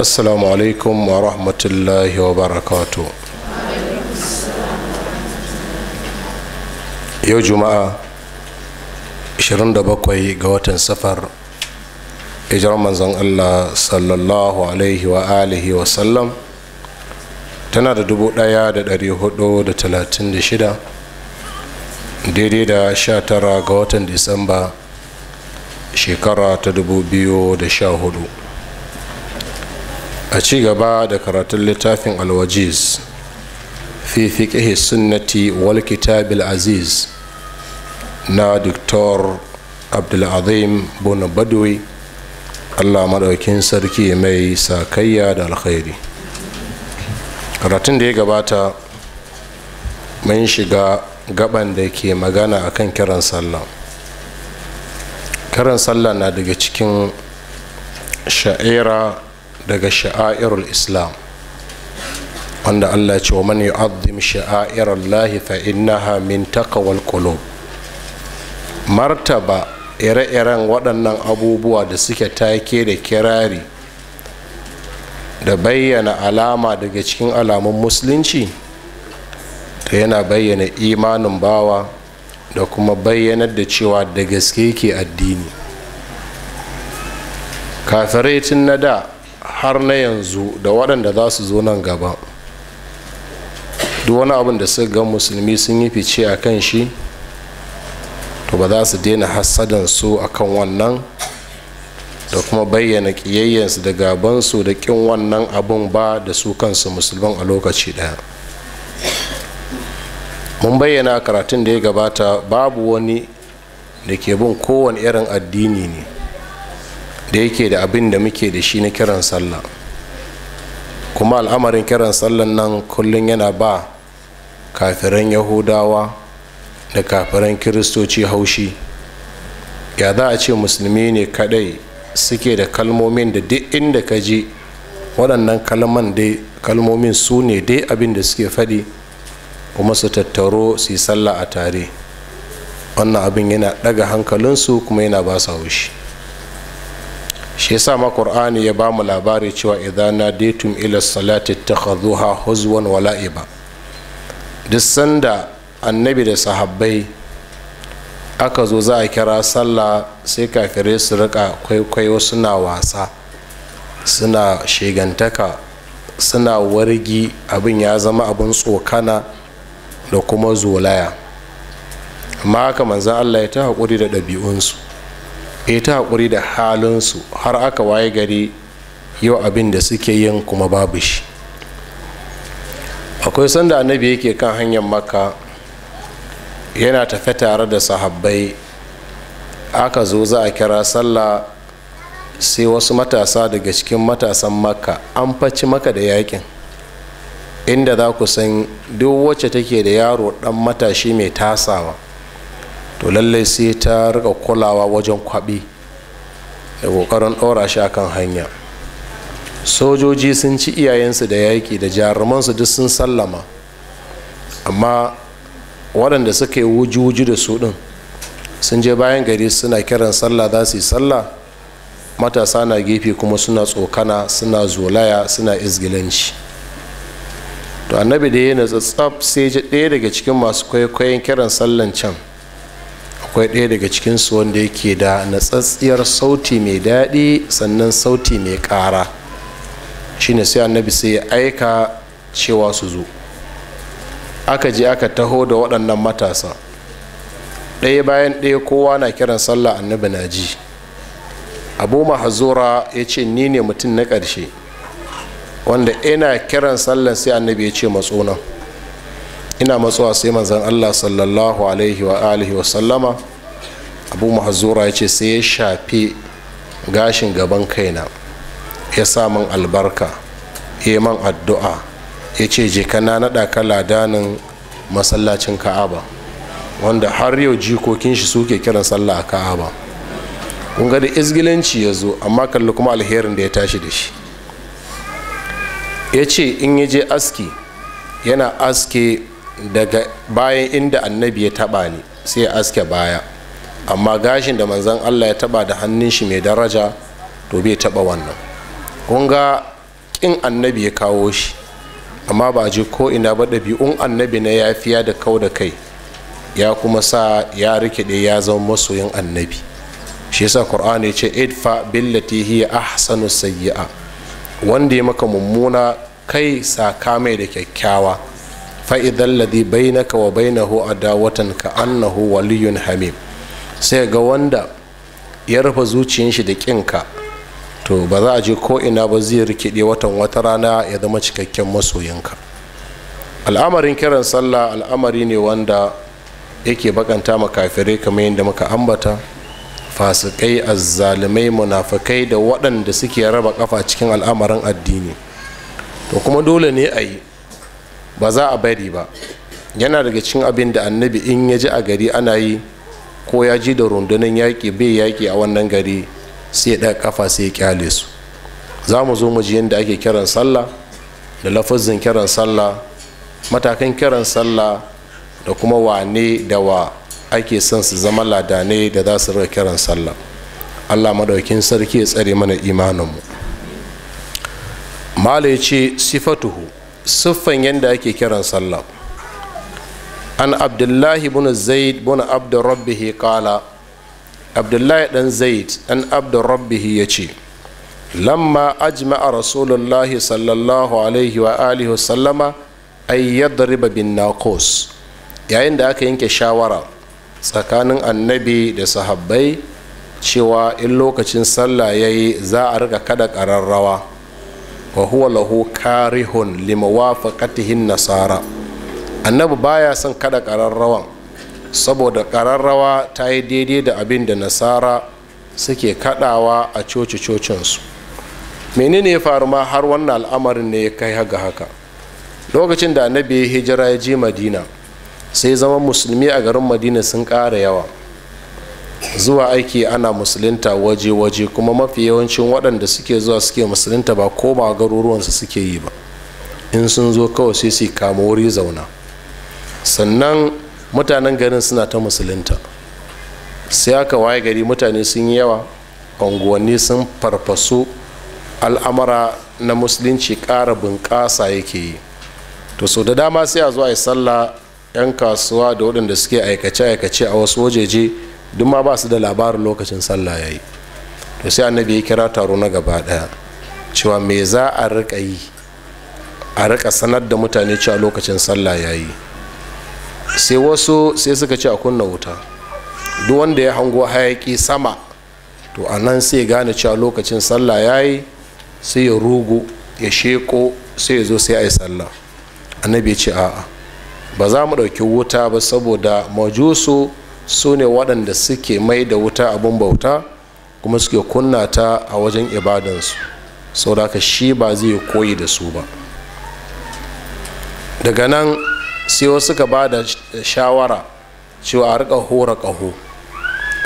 assalamu alaikum wa rahmatullahi wa barakatu yau juma'a 27 ga watan safar hijirar manzon allah sallallahu alaihi wa alihi wa sallam tana da da shida daidai da sha tara ga watan disamba shekara ta dubu biyu da sha hudu. a ci gaba da karatun littafin alwajiz fi fiƙihi sunnati wal kitabil aziz na diktor abdulazim bono allah maɗaukin sarki mai sakayya da alkhairi karatun da ya gabata mun shiga gaban da ke magana a kan kiran sallah kiran sallah na daga cikin sha'ira daga sha'airul islam wanda allah ce wa man yu'azzim sha'airallahi fa innaha min taqwal qulub martaba ire-iren waɗannan abubuwa da suke take da kirari da bayyana alama daga cikin alamun musulunci ta yana bayyana imanin bawa da kuma bayyanar da cewa da gaske ke addini kafirai tun na da har na yanzu da waɗanda za su zo nan gaba duk wani abin da suka ga musulmi sun yi fice a kan shi to ba za su daina hassadan su a kan wannan da kuma bayyana ƙiyayyansu da gabansu da ƙin wannan abin ba da su kansu musulman a lokaci ɗaya mun bayyana karatun da ya gabata babu wani da ke bin kowane irin addini ne da yake da abin da muke da shi na kiran sallah kuma al'amarin kiran sallan nan kullum yana ba kafiran yahudawa da kafiran kiristoci haushi ya za a ce musulmi ne kadai suke da kalmomin da duk inda ka je waɗannan kalman dai kalmomin su ne dai abin da suke faɗi kuma su tattaro su yi sallah a tare wannan abin yana ɗaga hankalinsu kuma yana ba su haushi shi yasa ma qur'ani ya bamu labari cewa idza nadaytum ila salati takhadhuha huzwan wa la'iba duk sanda annabi da sahabbai aka zo za a kira sallah sai kafirai su rika kwaikwayo suna wasa suna shigantaka suna wargi abin ya zama abin tsokana da kuma zolaya amma haka manzan allah ya ta haƙuri da ɗabi'unsu ya eh, ta haƙuri da halinsu har aka waye gari yau abin da suke yin kuma babu shi akwai sanda annabi yake kan hanyar makka yana tafe tare da sahabbai aka zo za a kira sallah sai wasu matasa daga cikin matasan makka an faci maka da yakin inda za ku san duk wacce take da yaro dan matashi mai tasawa to lallai sai ta rika kulawa wajen kwaɓi da ƙoƙarin dora shi akan hanya sojoji sun ci iyayensu da yaƙi da jarumansu duk sun sallama amma waɗanda suka yi wuji-wuji da su ɗin sun je bayan gari suna kiran sallah za su yi sallah matasa na gefe kuma suna tsokana suna zolaya suna izgilanci to annabi da ya natsatsaf sai ji ɗaya daga cikin masu kwaikwayon kiran sallan can akwai ɗaya daga cikinsu wanda yake da natsatsiyar sauti mai daɗi sannan sauti mai ƙara shine sai annabi sai ya aika cewa su zo aka je aka taho da waɗannan matasa ɗaya bayan ɗaya kowa na kiran sallah annabi na ji abu mahazura ya ce ni ne mutum na ƙarshe wanda ina kiran sallah sai annabi ya ce matsunan ina matsuwa sai manzan allah sallallahu alaihi wa alihi wa sallama abu mahazura ya ce sai ya shafi gashin gaban kaina ya sa min albarka ya man addu'a ya ce je kana naɗa ka ladanin masallacin ka'aba wanda har yau jikokin shi suke kiran sallah a ka'aba kun ga da izgilanci ya zo amma kalli kuma alherin da ya tashi da shi ya ce in ya je aski yana aske daga bayan inda annabi ya taba ni sai ya aske baya amma gashin da manzan allah ya taba da hannun shi mai daraja to bai taba wannan kun ga kin annabi ya kawo shi amma ba ji ko ina ba ɗabi'un annabi na yafiya da kau da kai ya kuma sa ya rikide ya zama masoyin annabi shi yasa qur'ani ya ce idfa billati hiya ahsanu sayyi'a wanda ya maka mummuna kai saka mai da kyakkyawa fa'idan ladi bainaka wa bainahu adawatan ka annahu waliyun hamim sai ga wanda ya rufe zuciyar shi da kinka to ba za a je ko ina ba zai rikide watan wata rana ya zama cikakken masoyinka al'amarin kiran sallah al'amari ne wanda yake bakanta makafirai kamar yadda muka ambata fasikai azzalumai munafikai da waɗanda suke raba kafa cikin al'amarin addini to kuma dole ne a yi ba za a bari ba yana daga cikin abin da annabi in ya ji a gari ana yi ko ya ji da rundunar yaƙi bai yaƙi a wannan gari sai ɗaya kafa sai ya kyale su za mu zo mu ji yadda ake kiran sallah da lafazin kiran sallah matakan kiran sallah da kuma wane da wa ake son su zama ladanai da za su rika kiran sallah allah madaukin sarki ya tsare mana imaninmu mala ya ce sifatuhu siffan yadda ake kiran sallah an abdullahi bin zaid bin abdur rabbihi abdullahi dan zaid dan abdur rabbihi ce lamma ajma'a rasulullahi sallallahu alaihi wa alihi sallama ay yadriba bin naqus yayin da aka yanke shawara tsakanin annabi da sahabbai cewa in lokacin sallah yayi za a riga kada kararrawa wa huwa lahu karihun limawafaqatihin nasara annabi baya son kada kararrawan saboda kararrawa ta yi daidai da abin da nasara suke kadawa a coci cocinsu menene ya faru ma har wannan al'amarin ne ya kai haga haka lokacin da annabi ya hijira ya je madina sai zama musulmi a garin madina sun ƙara yawa zuwa aiki ana musulunta waje-waje kuma mafi yawancin waɗanda suke zuwa suke musulunta ba koma garuruwansu suke yi ba in sun zo kawai sai su kama wuri zauna sannan mutanen garin suna ta musulunta sai aka waye gari mutane sun yi yawa unguwanni sun farfasu al'amara na musulunci ƙara bunƙasa yake yi to so da dama sai a zo a yi sallah 'yan kasuwa da waɗanda suke aikace-aikace a wasu wajeje duk ma ba su da labarin lokacin sallah ya yi to sai annabi ya kira taro na gaba daya cewa me za a rika yi a rika sanar da mutane cewa lokacin sallah ya yi sai wasu sai suka ce a kunna wuta duk wanda ya hango hayaki sama to a nan sai gane cewa lokacin sallah ya yi sai ya rugu ya sheko sai ya zo sai a yi sallah annabi ya ce a'a ba za mu ɗauki wuta ba saboda majusu su ne waɗanda suke mai da wuta abin bauta kuma suke kunna ta a wajen ibadansu sau da shi ba zai koyi da su ba daga nan sai wasu ka ba da shawara cewa a riƙa hora ƙaho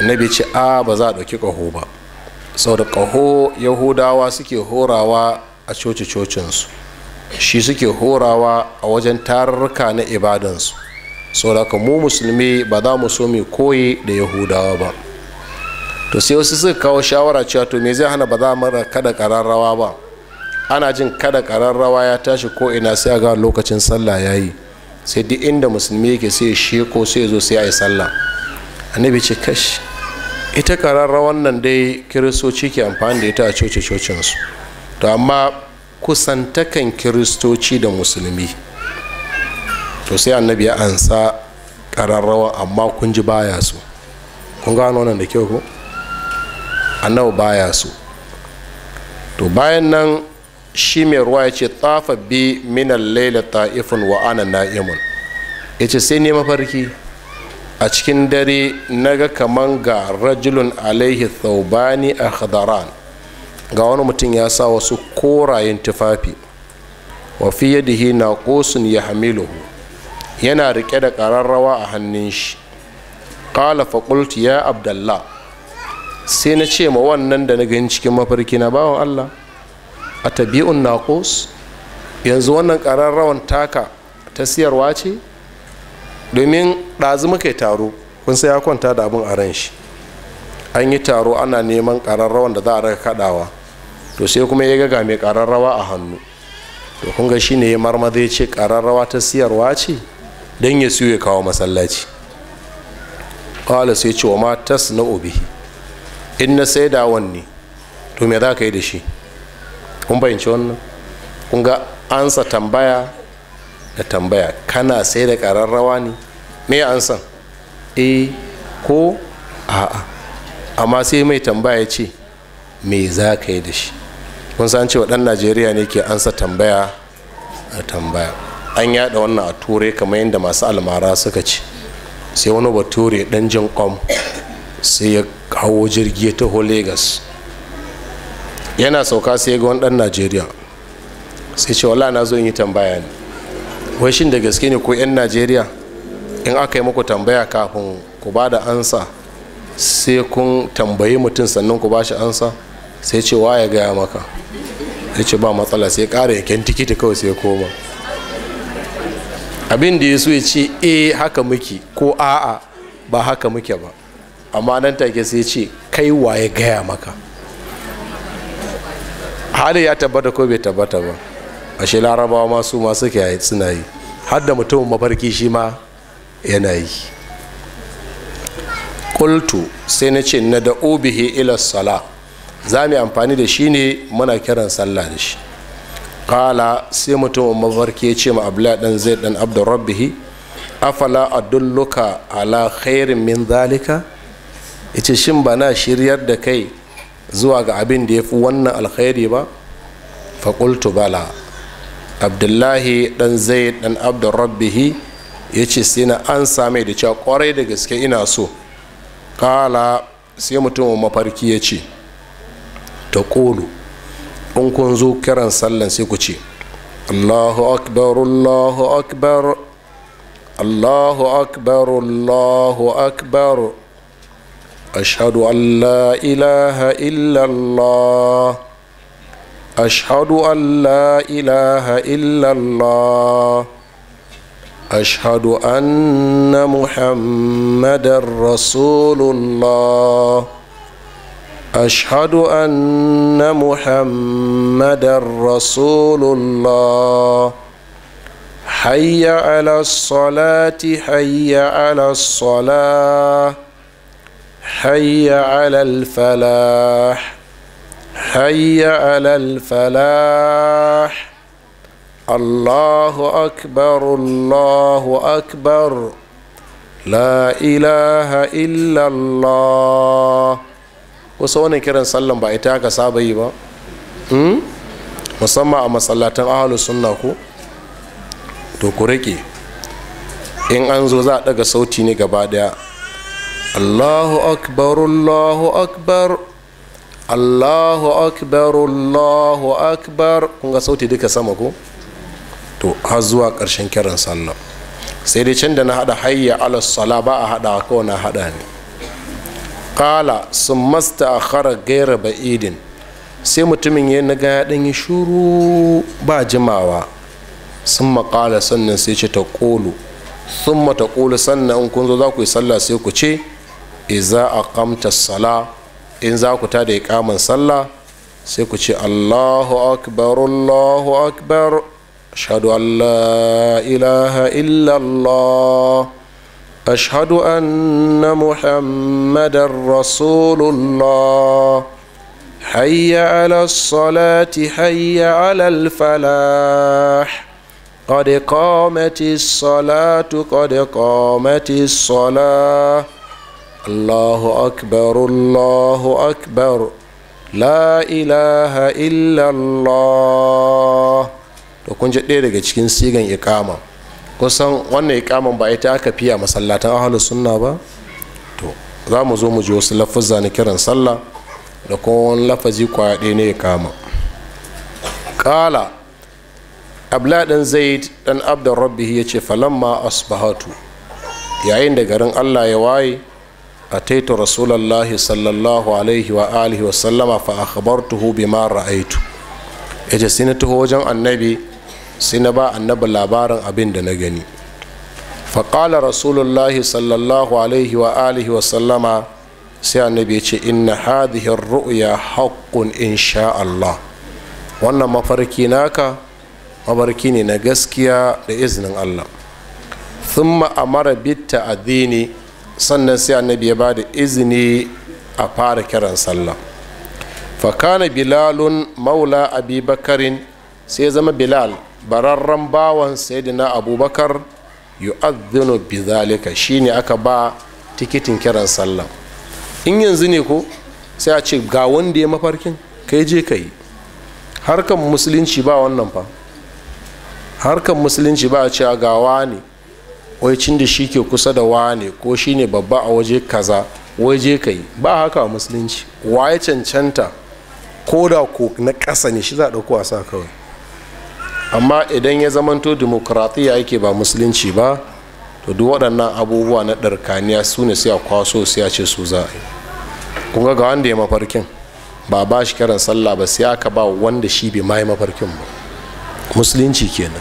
annabi ce a ba za a ɗauki ƙaho ba sau da ƙaho yahudawa suke horawa a coci-cocinsu shi suke horawa a wajen tarurruka na ibadansu saboda mu musulmi ba za mu so mu koyi da yahudawa ba to sai wasu suka kawo shawara cewa to me zai hana ba za mu kada kararrawa ba ana jin kada kararrawa ya tashi ko ina sai a ga lokacin sallah ya yi sai duk inda musulmi yake sai ya sheko sai ya zo sai a yi sallah annabi ce kashi ita kararrawan nan dai kiristoci ke amfani da ita a coci cocinsu to amma kusantakan kiristoci da musulmi to sai annabi ya ansa ƙararrawa amma kun ji baya su kun gano wannan da kyau ko annabi baya su to bayan nan shi mai ruwa ya ce tsafa bi minan laila ta'ifun wa ana na'imun ya ce sai ne mafarki a cikin dare na ga kaman ga rajulun alaihi thaubani a khadaran ga wani mutum ya sa wasu korayen tufafi wa da hina na ya hamiluhu yana rike da ƙararrawa a hannun shi ƙala faƙultu ya abdallah sai na ce ma wannan da na gani cikin mafarki na bawan allah a tabi'un naƙos yanzu wannan ƙararrawan taka ta siyarwa ce domin ɗazu muka taro kun sai ya kwanta da abin a ran shi an yi taro ana neman ƙararrawan da za a raka kaɗawa to sai kuma ya ga mai ƙararrawa a hannu to kun ga ne ya marmaza ya ce ƙararrawa ta siyarwa ce don ya siyo ya kawo masallaci ƙwala sai ce wa ma tas na obi in na sai da wanne to me za ka yi da shi kun fahimci wannan kun ga ansa tambaya da tambaya kana sai da ƙararrawa ne me san e ko a'a amma sai mai tambaya ya ce me za ka yi da shi kun san cewa ɗan najeriya ne ke ansa tambaya da tambaya an yada wannan a Ture kamar yadda masu almara suka ce sai wani bature dan jin kwam sai ya kawo jirgi ya taho lagos yana sauka sai ya ga wani dan najeriya sai ce wala na zo yi tambaya ne wai shin da gaske ne ko 'yan najeriya in aka yi muku tambaya kafin ku ba da ansa sai kun tambayi mutum sannan ku ba shi ansa sai ce wa ya gaya maka sai ce ba matsala sai kara yakin tikiti kawai sai koma abin da ya so ya ce e haka muke ko a'a ba haka muke ba amma nan take sai ya ce kai ya gaya maka hali ya tabbata ko bai tabbata ba ashe larabawa masu su ma suna yi har da mutumin mafarki shi ma yana yi kultu sai na ce na da obihe ila sala za mu amfani da shi ne muna kiran sallah da shi kala sai mutumin mafarki ya ce ma abdullahi dan zai dan abdurrabbihi afala adulluka ala khairin min zalika yace shin ba na shiryar da kai zuwa ga abin da ya fi wannan alkhairi ba faƙultu bala abdullahi ɗan zai dan abdurrabbihi ya ce sai na an same da cewa kwarai da gaske ina so kala sai mutumin mafarki ya ce ta ƙolu in kun zo kiran sallan sai ku ce allahu akbar allahu akbar allahu akbar allahu akbar ashadu an la ilaha illallah ashadu an la ilaha illallah أشهد أن محمد رسول الله أشهد أن محمدا رسول الله حي على الصلاة حي على الصلاة حي على الفلاح حي على الفلاح الله أكبر الله أكبر لا إله إلا الله wasu wani kiran sallan ba ita aka saba yi ba hmm? musamman a masallatan ahalus sunna ku to ku rike in an zo za a daga sauti ne gaba daya allahu akbar allahu akbar allahu akbar allahu akbar kun ga sauti duka sama ku to har zuwa ƙarshen kiran sallah sai dai can da na hada hayya ala sala ba a hada ko na hada ne ƙala sun masta a kara gaira idin sai mutumin ya naga ya ɗanyi shuru ba jimawa sun maƙala sannan sai ce ta ƙolu sun mata ƙolu sannan kun zo za ku yi sallah sai ku ce iza a kamta sala in za ku tada kamun sallah sai ku ce allahu akbar allahu akbar ashhadu allah ilaha illallah أشهد أن محمد رسول الله حي على الصلاة حي على الفلاح قد قامت الصلاة قد قامت الصلاة الله أكبر الله أكبر لا إله إلا الله تكون جديدة ji سيغن إقامة kusan wannan ikaman ba ita aka fiya masallatan ahalus sunna ba to za mu zo mu ji wasu lafazza na kiran sallah da kuma wani lafazi kwaɗe ne ya kama ƙala abla ɗan zaid ɗan abdan rabbi ya ce falamma asbahatu yayin da garin allah ya waye a taito rasulallahi sallallahu alaihi wa alihi wa sallama fa akhbartuhu bima ra'aitu ya ce sai na taho wajen annabi sai na ba annabi labarin abin da na gani faƙala rasulullahi sallallahu alaihi wa alihi wa sallama sai annabi ya ce inna hadhihi ru'ya haqqun insha Allah wannan mafarki naka mafarki ne na gaskiya da izinin Allah thumma amara bitta addini sannan sai annabi ya bada izini a fara kiran sallah fakana bilalun maula abi bakarin sai zama bilal bararren bawan sayyidina abubakar yu'adhdhinu bidhalika shine aka ba tikitin kiran sallah in yanzu ne ko sai a ce ga wanda ya mafarkin kai je ka harkan musulunci ba wannan fa harkan musulunci ba a ce ga wani wai cin da shi ke kusa da wani ko shi babba a waje kaza waje ka yi ba haka musulunci waye cancanta ko da ko na ƙasa ne shi za a ɗauko a sa kawai amma idan ya zamanto demokratiya yake ba musulunci ba to duk waɗannan abubuwa na ɗarkaniya su ne sai a kwaso sai a ce su za a yi kun ga wanda ya mafarkin ba ba shi kiran sallah ba sai aka ba wanda shi bai ma mafarkin ba musulunci kenan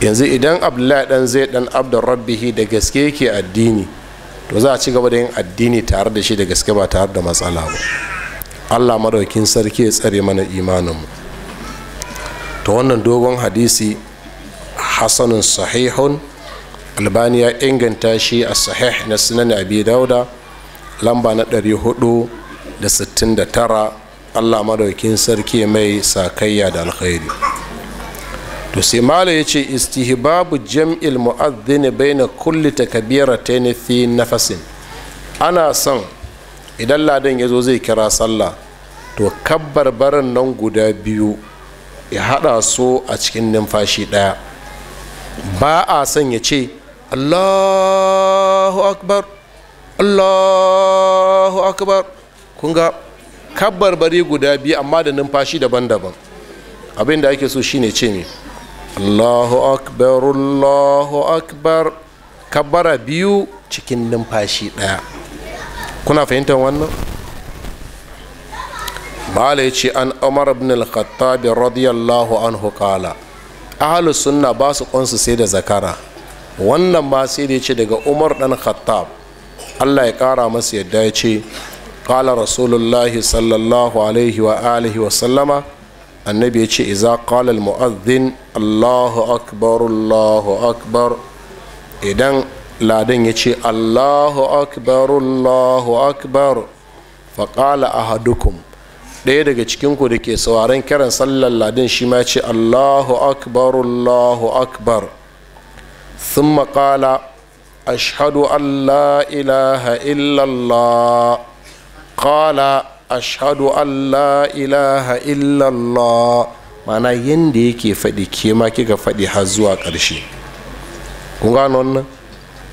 yanzu idan abdullahi dan zai dan abdul rabbihi da gaske yake addini to za a ci gaba da yin addini tare da shi da gaske ba tare da matsala ba allah madaukin sarki ya tsare mana imaninmu ta wannan dogon hadisi hasanun sahihun albani ya inganta shi a sahih na sunan abi dauda lamba na 469 allah madaukin sarki mai sakayya da alkhairi to sai mala ya ce istihbabu jam'il mu'adhdhin baina kulli takbiratayn na nafasin ana son idan ladan ya zo zai kira sallah to kabbar barin nan guda biyu ya haɗa su a cikin numfashi ɗaya ba a son ya ce allahu akbar allahu akbar kun ga bari guda biyu amma da numfashi daban-daban abinda ake so shine ce ne allahu akbar allahu akbar kabbara biyu cikin numfashi ɗaya kuna fahimtar wannan bala ya ce an umar ibn al-khattab radiyallahu anhu kala ahlus sunna ba su kunsu sai da zakara wannan ba sai da ya ce daga umar dan khattab Allah ya kara masu yadda ya ce qala rasulullah sallallahu alaihi wa alihi wa sallama annabi ya ce iza qala al-mu'adhdhin Allahu akbar Allahu akbar idan ladan ya ce Allahu akbar Allahu akbar faqala ahadukum ɗaya daga cikinku da ke sauraron kiran sallar ladin shi ma ce allahu akbar allahu akbar sun maƙala ashadu Allah ilaha illallah ƙala ashadu Allah ilaha illallah mana yadda yake faɗi ke ma kika faɗi har zuwa ƙarshe kun gano wannan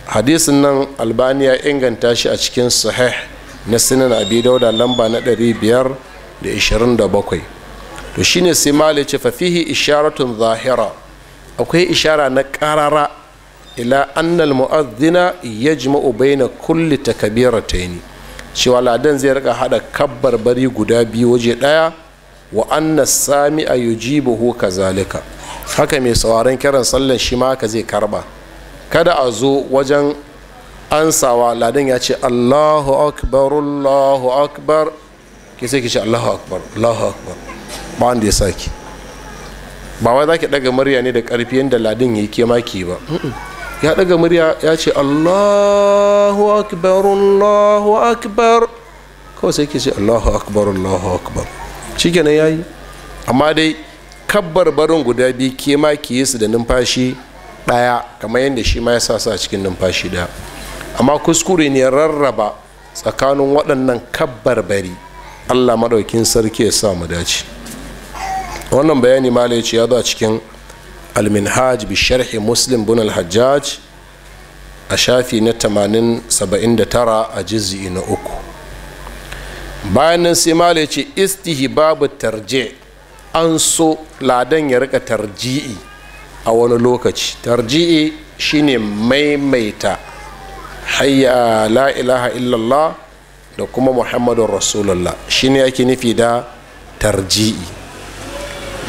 hadisin nan albaniya inganta shi a cikin sahih na sinan abi dauda lamba na ɗari biyar. da 27 to shine sai mali ce fihi isharatun zahira akwai ishara na karara ila annal mu'azzina yajma'u baina kulli takbiratayn cewa ladan zai rika hada kabbar bari guda biyu waje daya wa anna sami'a yujibuhu kazalika haka mai sauraron kiran sallan shi ma ka zai karba kada a zo wajen ansawa ladan ya ce allahu akbar allahu akbar ke sai ke ce Allahu akbar Allahu akbar ba wanda ya saki ba wai zaki daga murya ne da karfi yanda ladin yayi ke maki ba ya daga murya ya ce Allahu akbar Allahu akbar kawai sai ke ce Allahu akbar Allahu akbar ya yayi amma dai kabbar barin guda biyu ke ma ki yi su da numfashi ɗaya kamar yadda shi ma ya sa su a cikin numfashi ɗaya amma kuskure ne rarraba tsakanin waɗannan kabbar bari allah maɗaukin sarki ya sa mu dace wannan bayani malai ce ya zo a cikin alminhaj bi sharhi muslim bin alhajjaj a shafi na da tara a jizi na uku bayan nan sai malai ce istihi babu tarje an so ladan ya rika tarji'i a wani lokaci tarji'i shine maimaita hayya la ilaha illallah da kuma muhammadun rasulullah ne ake nufi da tarji'i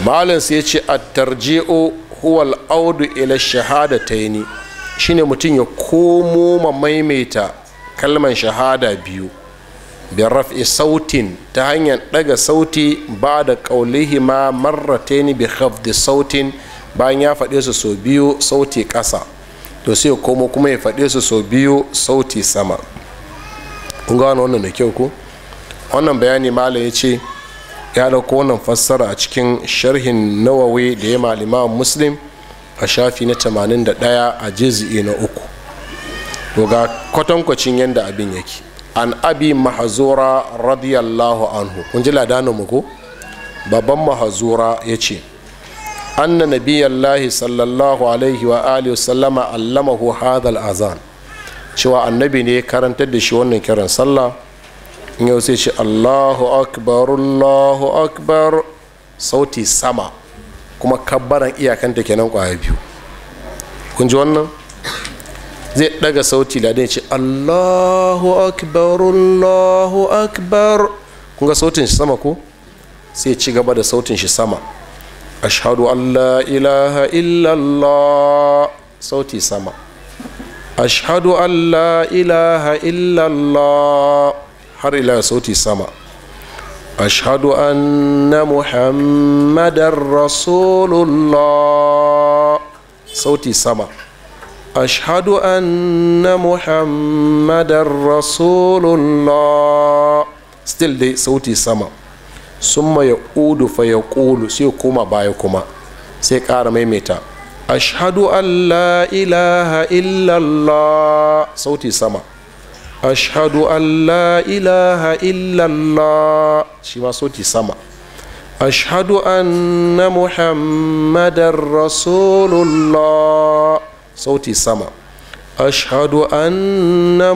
malin sai ce a tarji'u huwal audu ila shahada shi ne mutum ya komo ma maimaita kalman shahada biyu biyar raf'i sautin ta hanyar ɗaga sauti ba da ƙaulihi ma ni bi hafdi sautin bayan ya faɗe su sau biyu sauti ƙasa to sai komo kuma ya faɗe su sau biyu sauti sama kun gano wannan da kyau ko wannan bayani malam ya ce ya ɗauko wannan fassara a cikin sharhin nawawi da ya malima muslim a shafi na 81 a jizi'i na uku to ga kwatankwacin yadda abin yake an abi mahazura radiyallahu anhu kun ji ladanin mu ko babban mahazura ya ce anna nabiyallahi sallallahu alaihi wa alihi wasallama allamahu hadha al-azan cewa annabi ne ya karantar da shi wannan kiran sallah in yau sai shi allahu akbar allahu akbar sauti sama kuma kabbaran iyakanta kenan kwaya biyu kun ji wannan zai daga sauti da ce allahu akbar allahu akbar kun ga sautin shi sama ko sai ci gaba da sautin shi sama ashadu allah ilaha illallah sauti sama ashhadu an la ilaha illallah har ila sauti sama ashhadu anna muhammadan rasulullah sauti sama ashhadu anna muhammadan rasulullah still dai sauti sama summa ya udu fa ya kulu, sai koma baya kuma sai ƙara maimaita Ashadu an la ilaha illallah sauti sama an la ilaha illallah shi ma sauti sama ashadu anna muhammadar rasulullah sauti sama anna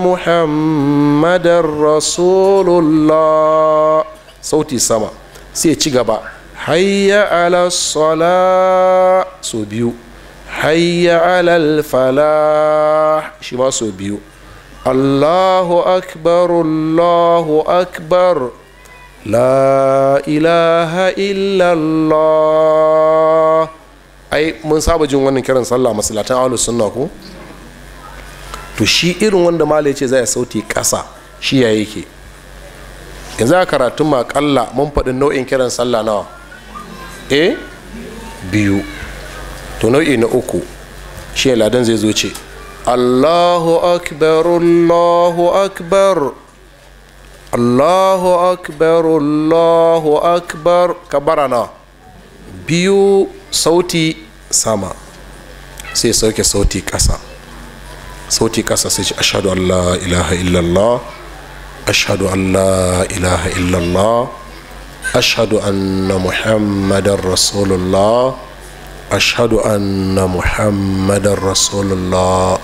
rasulullah sauti sama sai ci gaba hayya ala biyu hayya alal falah shi ma so biyu allahu akbar allahu akbar la ilaha illallah ai mun saba jin wannan kiran sallah masalatan ahlus sunna ko to shi irin wanda malai ce zai sauti kasa shi ya yake yanzu a karatun makalla mun faɗi nau'in kiran sallah nawa eh biyu to nau'i na uku shi ladan zai zoce allahu akbar allahu akbar allahu akbar allahu akbar kabara na biyu sauti sama sai sauke sauti ƙasa sauti ƙasa sai ce ashadu Allah ilaha illallah ashadu Allah ilaha illallah ashadu anna muhammadan rasulullah ashadu anna muhammadan rasulullah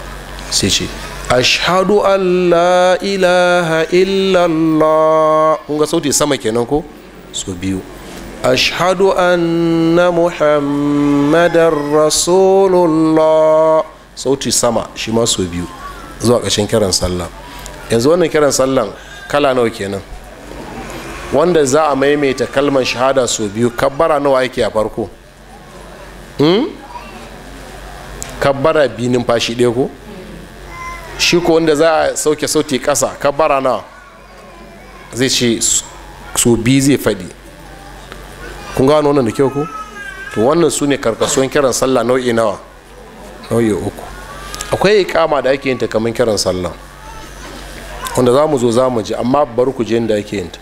sai ce ashadu an la ilaha illallah ga sauti sama kenan ko su biyu ashadu anna muhammadan rasulullah sauti sama shi ma su biyu zuwa kashin kiran sallah yanzu wannan kiran sallan kala nawa kenan wanda za a maimaita kalmar shahada su biyu kabbara nawa ake a farko hmm? kabbara bi numfashi ɗaya ko shi ko wanda za a sauke sauti ƙasa kabbara na zai ce su biyu zai faɗi kun gano wannan da kyau ko to wannan su ne karkasuwan kiran sallah nau'i nawa nau'i uku akwai ikama da ake yinta kamar kiran sallah wanda za mu zo za mu ji amma bar ku je da ake yinta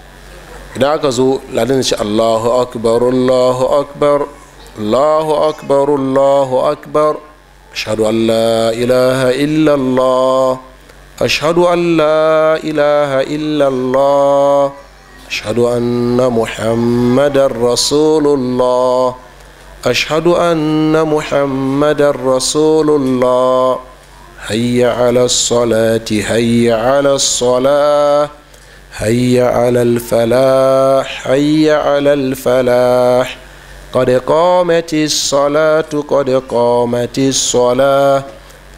idan aka zo ladin shi allahu akbar allahu akbar الله أكبر الله أكبر أشهد أن لا إله إلا الله أشهد أن لا إله إلا الله أشهد أن محمدا رسول الله أشهد أن محمدا رسول الله هيا على الصلاة هيا على الصلاة هيا على الفلاح هيا على الفلاح قد قامت الصلاة قد قامت الصلاة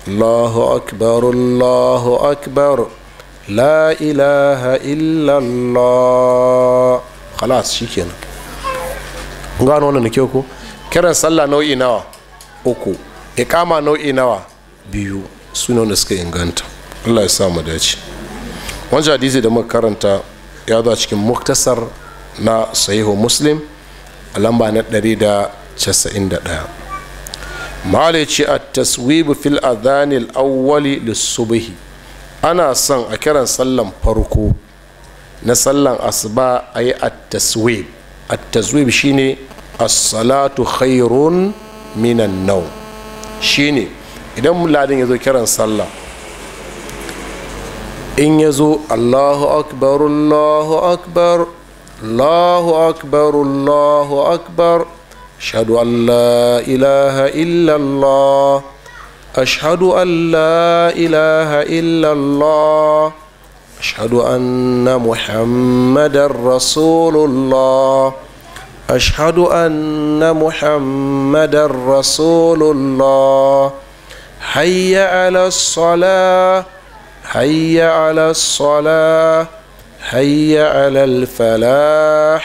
الله أكبر الله أكبر لا إله إلا الله خلاص شكرا gano wannan kyau ko kiran sallah nau'i nawa uku ikama nau'i nawa biyu suna da suka inganta Allah ya sa mu dace wancan hadisi da muka karanta ya zo cikin muktasar na sahihu muslim a lamba na 191 malici a taswibu fil adhanil awwali lissubihi ana son a kiran sallan farko na sallan asuba a yi a taswib a taswib shine a salatu khairun minan nau shi ne idan muladin ya zo kiran sallah in ya zo allahu akbar allahu akbar الله أكبر الله أكبر أشهد أن لا إله إلا الله أشهد أن لا إله إلا الله أشهد أن محمدا رسول الله أشهد أن محمدا رسول الله حي على الصلاة حي على الصلاة حي على الفلاح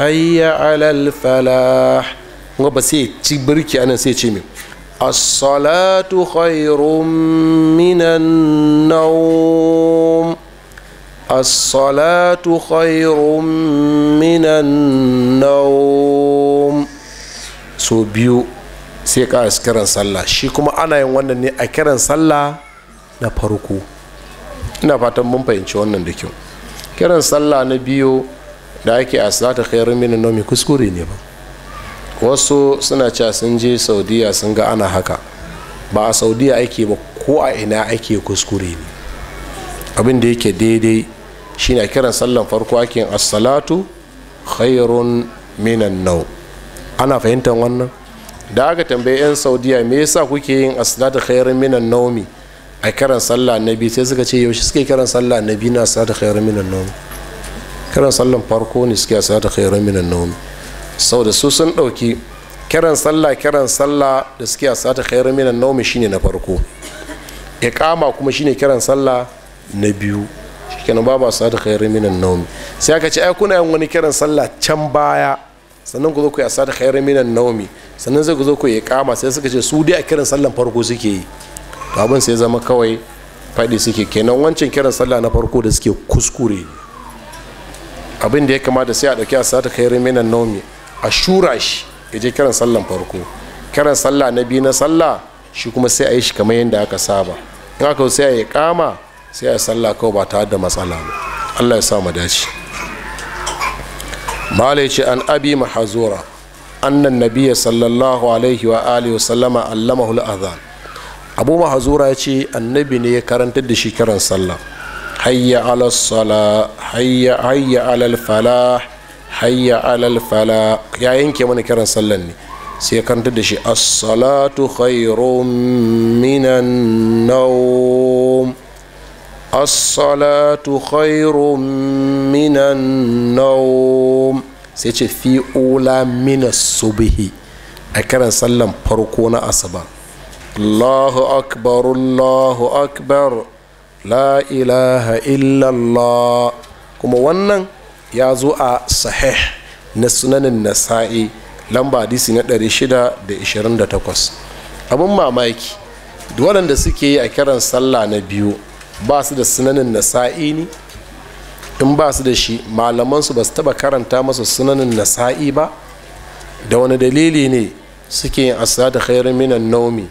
حي على الفلاح ba sai ci birki anan sai ce min as-salatu khairun minan nawm as-salatu khairun minan nawm so biyu sai ka kiran sallah shi kuma ana yin wannan ne a kiran sallah na farko ina fatan mun fahimci wannan da kyau kiran sallah na biyu da ake a salata khairun min nomi kuskure ne ba wasu suna cewa sun je saudiya sun ga ana haka ba a saudiya ake ba ko a ina ake kuskure ne abin da yake daidai shine kiran sallan farko ake as-salatu khairun minan nau ana fahimtar wannan da aka tambayi 'yan saudiya me yasa kuke yin a salatu khairun minan naumi a karan sallah annabi sai suka ce yaushe suke karan sallah annabi na sa ta khairu minan nawm karan sallan farko ne suke sa ta khairu minan nawm saboda su sun dauki karan sallah karan sallah da suke sa ta khairu minan nawm shine na farko iqama kuma shine karan sallah na biyu shikenan ba ba sa ta khairu minan nawm sai aka ce ai kuna yin wani karan sallah can baya sannan ku zo ku yi asata khairu minan nawmi sannan zai ku zo ku yi iqama sai suka ce su dai a karan sallan farko suke yi to abin sai zama kawai faɗi suke kenan wancan kiran sallah na farko da suke kuskure abin da ya kamata sai a ɗauki a sata kai riminan naomi a shura shi ya je kiran sallan farko kiran sallah na biyu na sallah shi kuma sai a yi shi kamar yadda aka saba in aka sai a yi kama sai a yi sallah kawai ba ta da matsala ba allah ya sa mu dace malai an abi mahazura annan nabiya sallallahu alaihi wa alihi wa sallama hul azan abu mahazura ya ce annabi ne ya karantar da shi kiran sallah hayya alal sala hayya hayya alal fala hayya alal fala ya yanke mana kiran sallan ne sai ya karantar da shi as-salatu khairum minan nawm as-salatu khairum minan nawm sai ce fi ula minas subhi a karan sallan farko na asuba الله أكبر الله أكبر لا إله إلا الله كما ونن يا زوء صحيح نسنن النسائي lamba hadisi na 628 abin mamaki waɗanda suke yi a kiran sallah na biyu ba su da sunanin nasa'i ne in ba su da shi malamansu ba su taɓa karanta masa sunanin nasa'i ba da wani dalili ne suke yin asada khairun minan naumi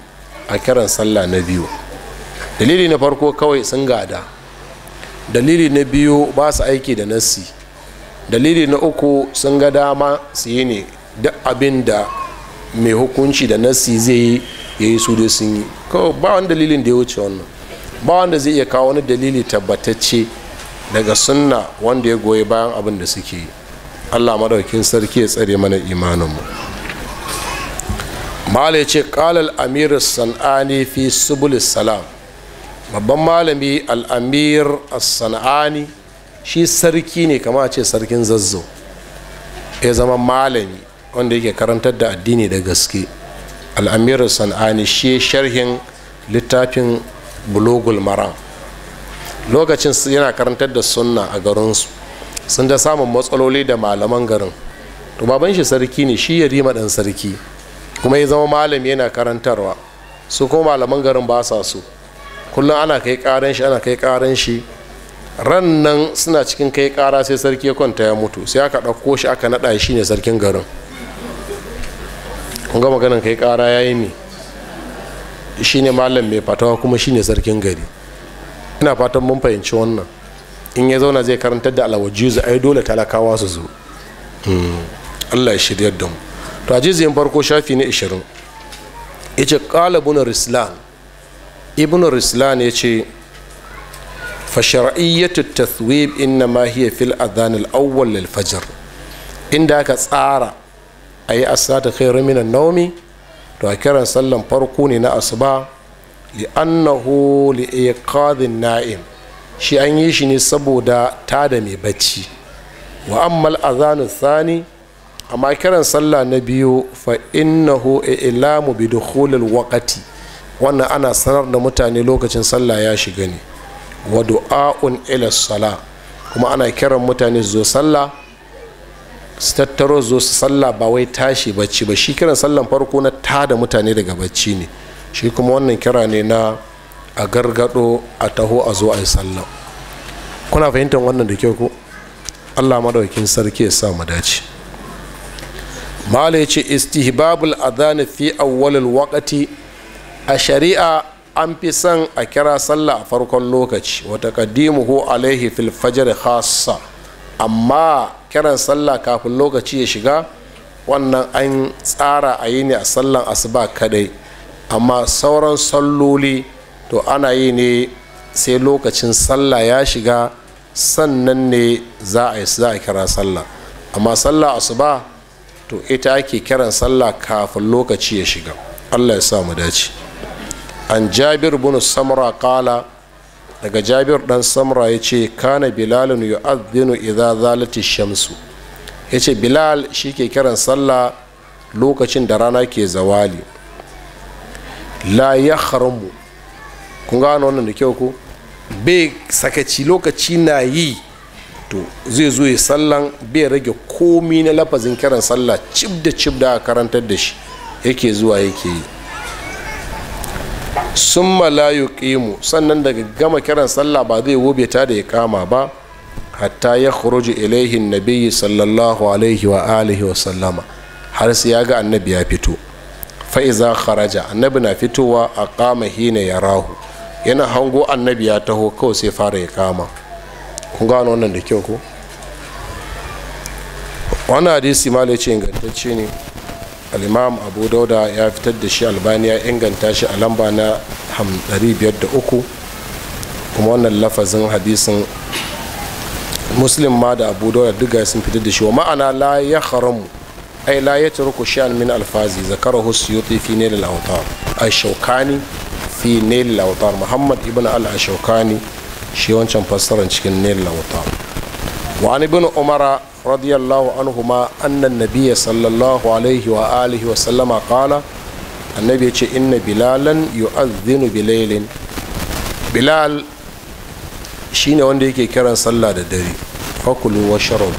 a kiran sallah na biyu dalili na farko kawai sun gada dalili na biyu ba su aiki da nassi dalili na uku sun ga dama su yi ne duk abin da mai hukunci da nassi zai yi ya yi su da sun yi ba wani dalilin da ya wuce wannan ba wanda zai iya kawo wani dalili tabbatacce daga sunna wanda ya goyi bayan abin da suke yi allah madaukin sarki ya tsare mana imaninmu mala ce kalal amir san'ani fi subulis salam babban malami al'amir san'ani shi sarki ne kama ce sarkin zazzau ya zama malami wanda yake karantar da addini da gaske al'amir san'ani shi sharhin littafin bulogul maram lokacin yana karantar da sunna a garinsu sun da samun matsaloli da malaman garin to baban shi sarki ne shi ya rima ɗan sarki kuma ya zama malam yana karantarwa su kuma malaman garin ba sa su kullum ana kai karan shi ana kai karan shi ran nan suna cikin kai kara sai sarki ya kwanta ya mutu sai aka ɗauko shi aka naɗa shi ne sarkin garin kun ga maganin kai kara ya yi ne shi ne malam mai fatawa kuma shi ne sarkin gari ina fatan mun fahimci wannan in ya zauna zai karantar da alawajizu ai dole talakawa su zo hmm. allah ya shirya da mu to a farko shafi na 20 ya ce ƙala ibn rislan ibn rislan ya ce fashar'iyyatu taswib inna ma hiya fil adhan al-awwal lil fajr inda aka tsara ayi asata khairu min an-nawmi to a kiran sallan farko ne na asuba li annahu li iqadhin na'im shi an yi shi ne saboda tada mai bacci wa al-adhan adhanu thani amma kiran sallah na biyu fa innahu ilamu bi dukhulil waqati wannan ana sanar da mutane lokacin sallah ya shiga ne wa du'a'un ila sala kuma ana kiran mutane zo sallah su tattaro zo su sallah ba wai tashi bacci ba shi kiran sallan farko na ta da mutane daga bacci ne shi kuma wannan kira ne na a gargado a taho a zo a yi sallah kuna fahimtar wannan da kyau ko allah madaukin sarki ya sa mu dace malai ce istihbabul adhan fi awwalil waqti a shari'a an fi son a kira sallah a farkon lokaci wata ko alaihi fil fajr khassa amma kiran sallah kafin lokaci ya shiga wannan an tsara a yi ne a sallan asuba kadai amma sauran salloli to ana yi ne sai lokacin sallah ya shiga sannan ne za a yi kira sallah amma sallah asuba to ita ake kiran sallah kafin lokaci ya shiga allah ya sa mu dace an jabir bin samra kala daga jabir dan samra ya ce kana yu azinu iza zalati shamsu ya ce bilal shi ke kiran sallah lokacin da rana ke zawali la ya haramu kun gano wannan da kyau ko bai sakaci lokaci na yi to zai zo ya sallan bai rage komi na lafazin kiran sallah cib da cib da a karantar da shi yake zuwa yake yi sun malayu ƙimu sannan daga gama kiran sallah ba zai wobe ta da ya kama ba hatta ya khuruju ilaihin nabiyyi sallallahu alaihi wa alihi wa sallama har sai ya ga annabi ya fito fa'iza kharaja annabi na fitowa a kama hina ya rahu yana hango annabi ya taho kawai sai fara ya kama kun gano wannan da kyau ko wannan hadisi ma ce ingantacce ne al'imam abu dauda ya fitar da shi albaniya inganta shi a lamba na 503 kuma wannan lafazin hadisin muslim ma da abu dauda duka sun fitar da shi wa ma'ana la ya haramu ai la ya turku shan min alfazi husu yi fi ne da lautar a shaukani fi ne da lautar muhammad ibn al-ashaukani shi wancan fassarar cikin nil lauta wa an ibn umara radiyallahu anhuma annan nabiya sallallahu alaihi wa alihi wa sallama kala annabi ya ce inna bilalan yu'adhdhinu bilailin bilal shine wanda yake kiran sallah da dare fakulu wa sharab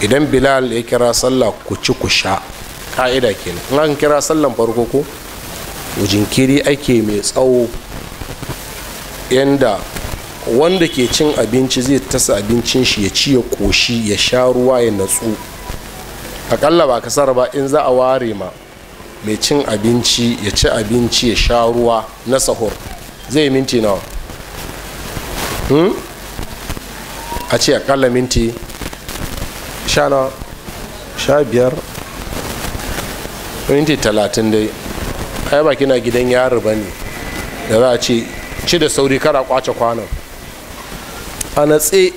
idan bilal ya kira sallah ku ci ku sha ka'ida kenan in an kira sallan farko ko jinkiri ake mai tsawo yanda wanda ke cin abinci zai tasa abincin shi ya ci ya koshi ya sha ruwa ya natsu akalla ba kasar ba in za a ware ma mai cin abinci ya ci abinci ya sha ruwa na sahur zai minti nawa hmm? a ce akalla minti sha nawa sha biyar minti talatin dai ai ba kina gidan yari ba ne da za a ce ci da sauri kara kwace kwanan a natse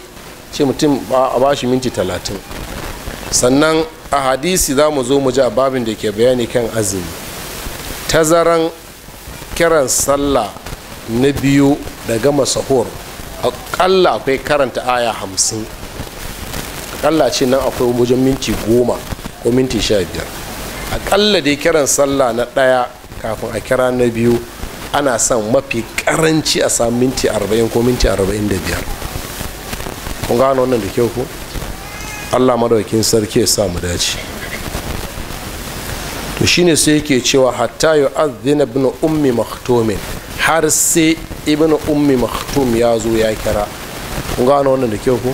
ce mutum a ba shi minti talatin sannan a hadisi za mu zo mu ji a babin da ke bayani kan azumi tazaran kiran sallah na biyu da gama sahur aƙalla akwai karanta aya hamsin aƙalla ce nan akwai wajen minti goma ko minti sha biyar aƙalla dai kiran sallah na ɗaya kafin a kira na biyu ana son mafi ƙaranci a samu minti arba'in ko minti arba'in da biyar kun gano wannan da kyau ku allah madaukin sarki ya sa mu dace to shine sai yake cewa hatta yu'adhdhina ibn ummi maktomin har sai ibn ummi maktum ya zo ya kira kun gano wannan da kyau ku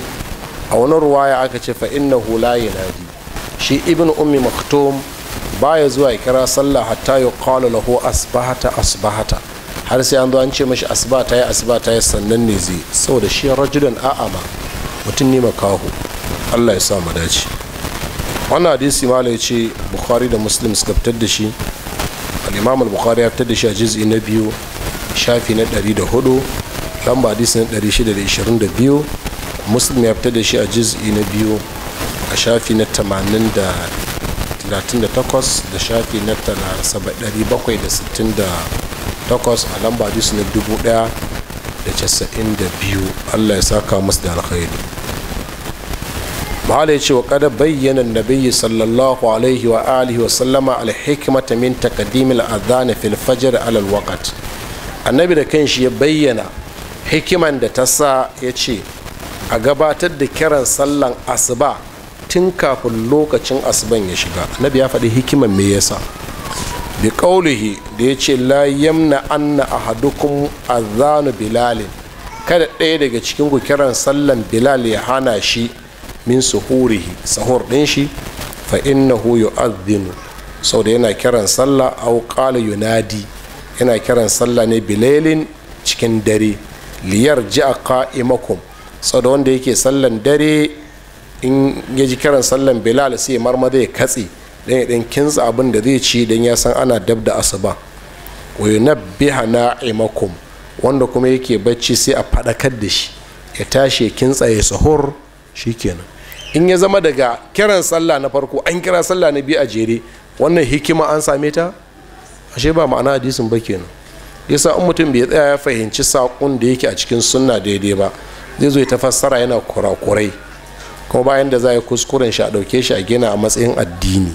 a wani ruwaya aka ce fa innahu la yanadi shi ibn ummi maktum baya zuwa ya kira sallah hatta yuqalu lahu asbahata asbahata har sai an zo an ce mashi asbata ya asbata ya sannan ne zai saboda shi rajulan a'ama mutum ne makahu allah ya sa mu dace wannan hadisi malai ce bukhari da muslim suka fitar da shi al'imam al-bukhari ya fitar da shi a jizi na biyu shafi na 104 lamba hadisi na 622 muslim ya fitar da shi a jizi na biyu a shafi na 80 da 38 da shafi na 768 a lamba hadisi na 1092 allah ya saka musu da alkhairi bahala ya ce wa kada bayyana nabiyyi sallallahu alaihi wa alihi wa sallama alhikmata min taqdimil adhan fil fajr alal alwaqt annabi da kanshi ya bayyana hikiman da ta sa ya ce a gabatar da kiran sallan asuba tun kafin lokacin asuban ya shiga annabi ya faɗi hikiman me yasa bi qaulihi da ya ce la yamna anna ahadukum adhanu bilalin kada ɗaya daga cikin ku kiran sallan bilal ya hana shi min suhurihi sahur ɗin shi fa innahu yu'adhdhinu sau da yana kiran sallah au qala yunadi yana kiran sallah ne bilailin cikin dare liyar ji qa'imakum sau da wanda yake sallan dare in ya ji kiran sallan bilal sai marmada ya katse dan ya dan kinsa abin da zai ci dan ya san ana dab da asuba wa yunabbiha na'imakum wanda kuma yake bacci sai a fadakar da shi ya tashi kinsa ya sahur shikenan in ya zama daga kiran sallah na farko an kira sallah na biyu a jere wannan hikima an same ta ashe ba ma'ana hadisin ba kenan yasa in mutum bai tsaya ya fahimci saƙon da yake a cikin sunna daidai ba zai zo ya tafassara yana kurakurai kuma bayan da za a yi kuskuren shi a ɗauke shi a gina a matsayin addini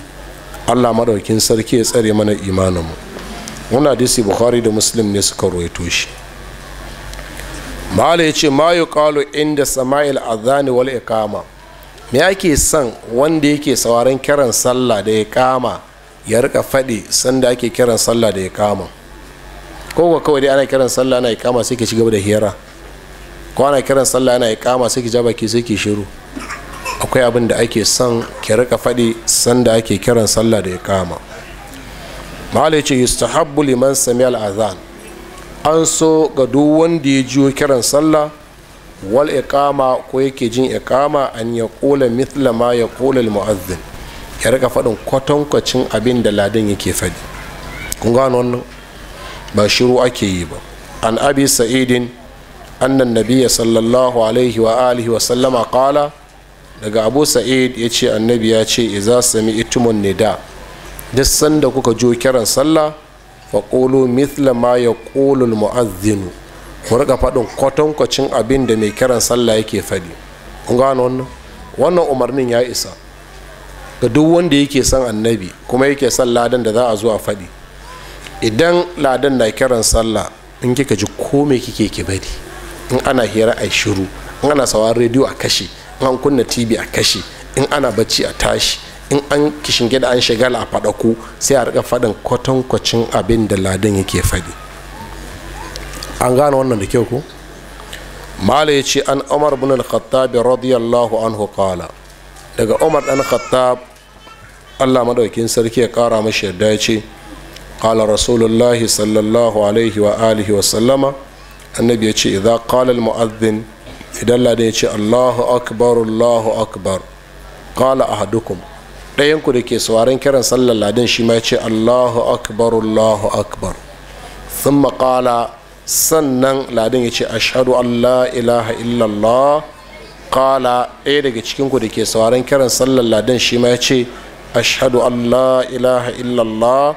allah maɗaukin sarki ya tsare mana imaninmu wannan hadisi bukhari da muslim ne suka ruwaito shi malai ya ce ma yi inda sama'il azani wal ikama me ake son wanda yake sauraron kiran sallah da ya kama ya rika faɗi sanda ake kiran sallah da ya kama ko kawai dai ana kiran sallah ana ikama sai ke cigaba da hira ko ana kiran sallah ana ikama sai ke jaba baki sai ke shiru akwai abin da ake son ki rika faɗi sanda ake kiran sallah da ya kama malai ce yustahabbu liman sami al'azan an so ga duk wanda ya jiyo kiran sallah wal iqama ko yake jin iqama an ya kula mithla ma ya kula mu'azzin ya rika faɗin kwatankwacin abin da ladan yake faɗi kun gano wannan ba shiru ake yi ba an abi sa'idin annan nabiyya sallallahu alaihi wa alihi wa sallama qala daga abu sa'id ya ce annabi ya ce iza sami itumun nida duk sanda kuka jo kiran sallah wa mithla ma ya ƙolul mu'azzinu ku riƙa faɗin kwatankwacin abin da mai kiran sallah yake faɗi kun gano wannan wannan umarnin ya isa ga duk wanda yake son annabi kuma yake son ladan da za a zo a faɗi idan ladan na kiran sallah in kika ji komai kike ki bari in ana hira a shiru in ana sauraron rediyo a kashe in an kunna tv a kashe in ana bacci a tashi in an kishinge da an shagala a ku sai a rika faɗin kwatankwacin abin da ladan yake faɗi an gane wannan da kyau ko malai ce an umar bin al-khattab radiyallahu anhu qala daga umar dan khattab Allah madaukin sarki ya kara mashi yarda ya ce qala rasulullah sallallahu alaihi wa alihi wa sallama annabi ya ce idza qala al-mu'adhdhin idan Ladin ya ce Allahu akbar Allahu akbar qala ahadukum ɗayanku da ke sauraron kiran sallar ladan shi ma ce allahu akbar allahu akbar sun maƙala sannan ladan ya ce ashadu allah ilaha illallah ƙala ɗaya daga cikinku da ke sauraron kiran sallar ladan shi ma ya ce ashadu allah ilaha illallah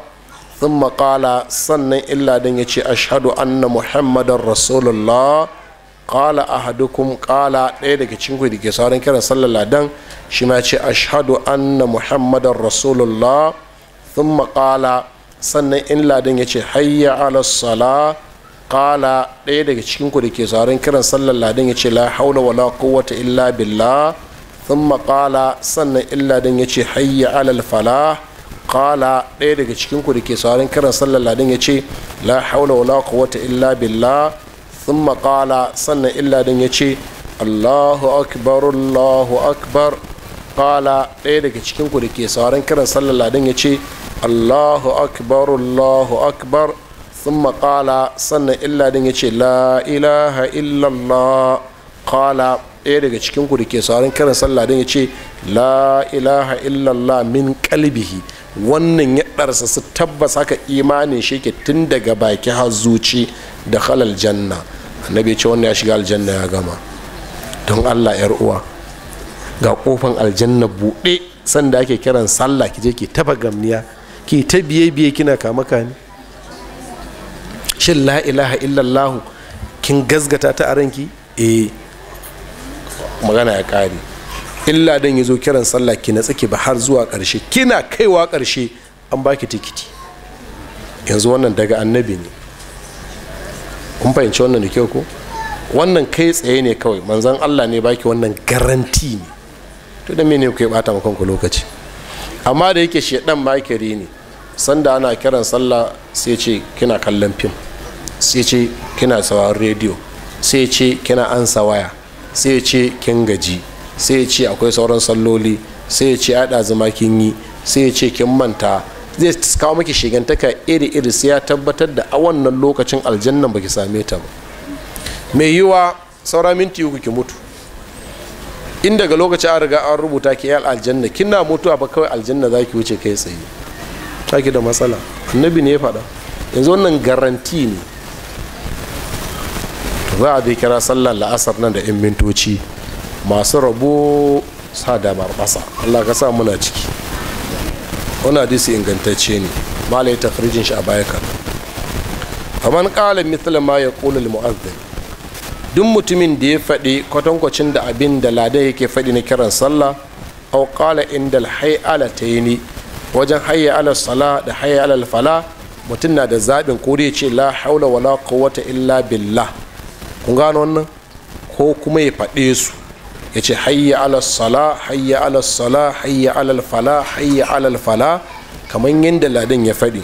sun maƙala sannan illadin ya ce ashadu anna muhammadan rasulullah qala ahadukum qala ɗaya daga cikin ku da ke sauran kiran sallar ladan shi ma ce ashhadu anna muhammadar rasulullah thumma qala sannan in ladan ya ce hayya ala sala qala ɗaya daga cikin ku da ke sauran kiran sallar ladan ya ce la haula wala quwwata illa billah thumma qala sannan in ladan ya ce hayya ala fala qala ɗaya daga cikin ku da ke sauran kiran sallar ladan ya ce la haula wala quwwata illa billah sun maƙala sannan illa دن ya ce allahu الله allahu قال ƙala ɗaya daga cikinku da ke sauran kiran sallar dan ya ce allahu akbar allahu akbar sun maƙala sannan illa din ya ce la ilaha illallah ɗaya daga cikinku da ke sauran kiran sallar dan ya ce la ilaha illallah min ƙalbihi wannan ya ɗarsa su tabbas haka imanin shi ke tun daga baki har zuci da halal janna annabi ce wannan ya shiga aljanna ya gama don allah yar uwa ga kofan aljanna buɗe sanda ake kiran sallah ki je ki taba gamniya ki ta biye biye kina kama kani shin la ilaha illallah kin gazgata ta aranki eh magana ya kare illa dan yazo kiran sallah ki na tsaki ba har zuwa karshe kina kaiwa karshe an baki tikiti yanzu wannan daga annabi ne kun fahimci wannan da kyau ko wannan kai tsaye ne kawai manzan allah ne baki wannan garanti ne to da mene ku bata ma kanku lokaci amma da yake shedan makiri ne sanda ana kiran sallah sai ce kina kallon fim sai ce kina sauraron rediyo sai ce kina ansa waya sai ce kin gaji sai ce akwai sauran salloli sai ce ada zama kin yi sai ce kin manta zai kawo maki shigantaka iri-iri sai ya tabbatar da a wannan lokacin aljannan baki same ta ba mai yiwa saura minti uku ki mutu in daga lokacin an riga an rubuta ki yal aljanna kina mutuwa ba kawai aljanna za ki wuce kai tsaye ta ki da matsala annabi ne ya faɗa yanzu wannan garanti ne za a kira sallar la'asar nan da 'yan mintoci masu rabo sa damar ƙasa allah ka sa muna ciki wani hadisi ingantacce ne mala ya tafrijin shi a baya kan faman qala mithla ma ya al-mu'adhdhin duk mutumin da ya faɗi kwatankwacin da abin da lada yake faɗi na kiran sallah au kala inda yi ni wajen hayya ala sala da hayya ala fala mutum na da zaɓin ko ya ce la haula wala quwwata illa billah kun gano wannan ko kuma ya faɗe su ya ce hayya ala sala hayya ala sala hayya ala fala hayya alal fala kamar yadda ladin ya faɗi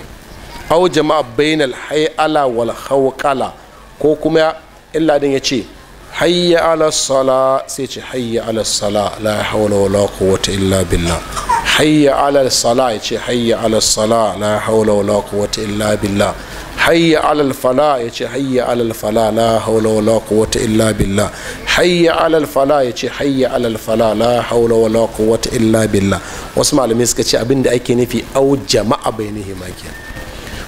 au jama'a bainal ala wal hawqala ko kuma in ladin ya ce hayya ala sala sai ce hayya ala sala la hawla wala quwwata illa billah hayya ala sala ya ce hayya ala sala la hawla wala quwwata illa billah hayya alal fala ya ce hayya alal fala la hawla wala quwwata illa billah hayya alal fala ya ce hayya alal fala la haula wala quwwata illa billah wasu malamai suka ce abin da ake nufi au jama'a bainihi ma kenan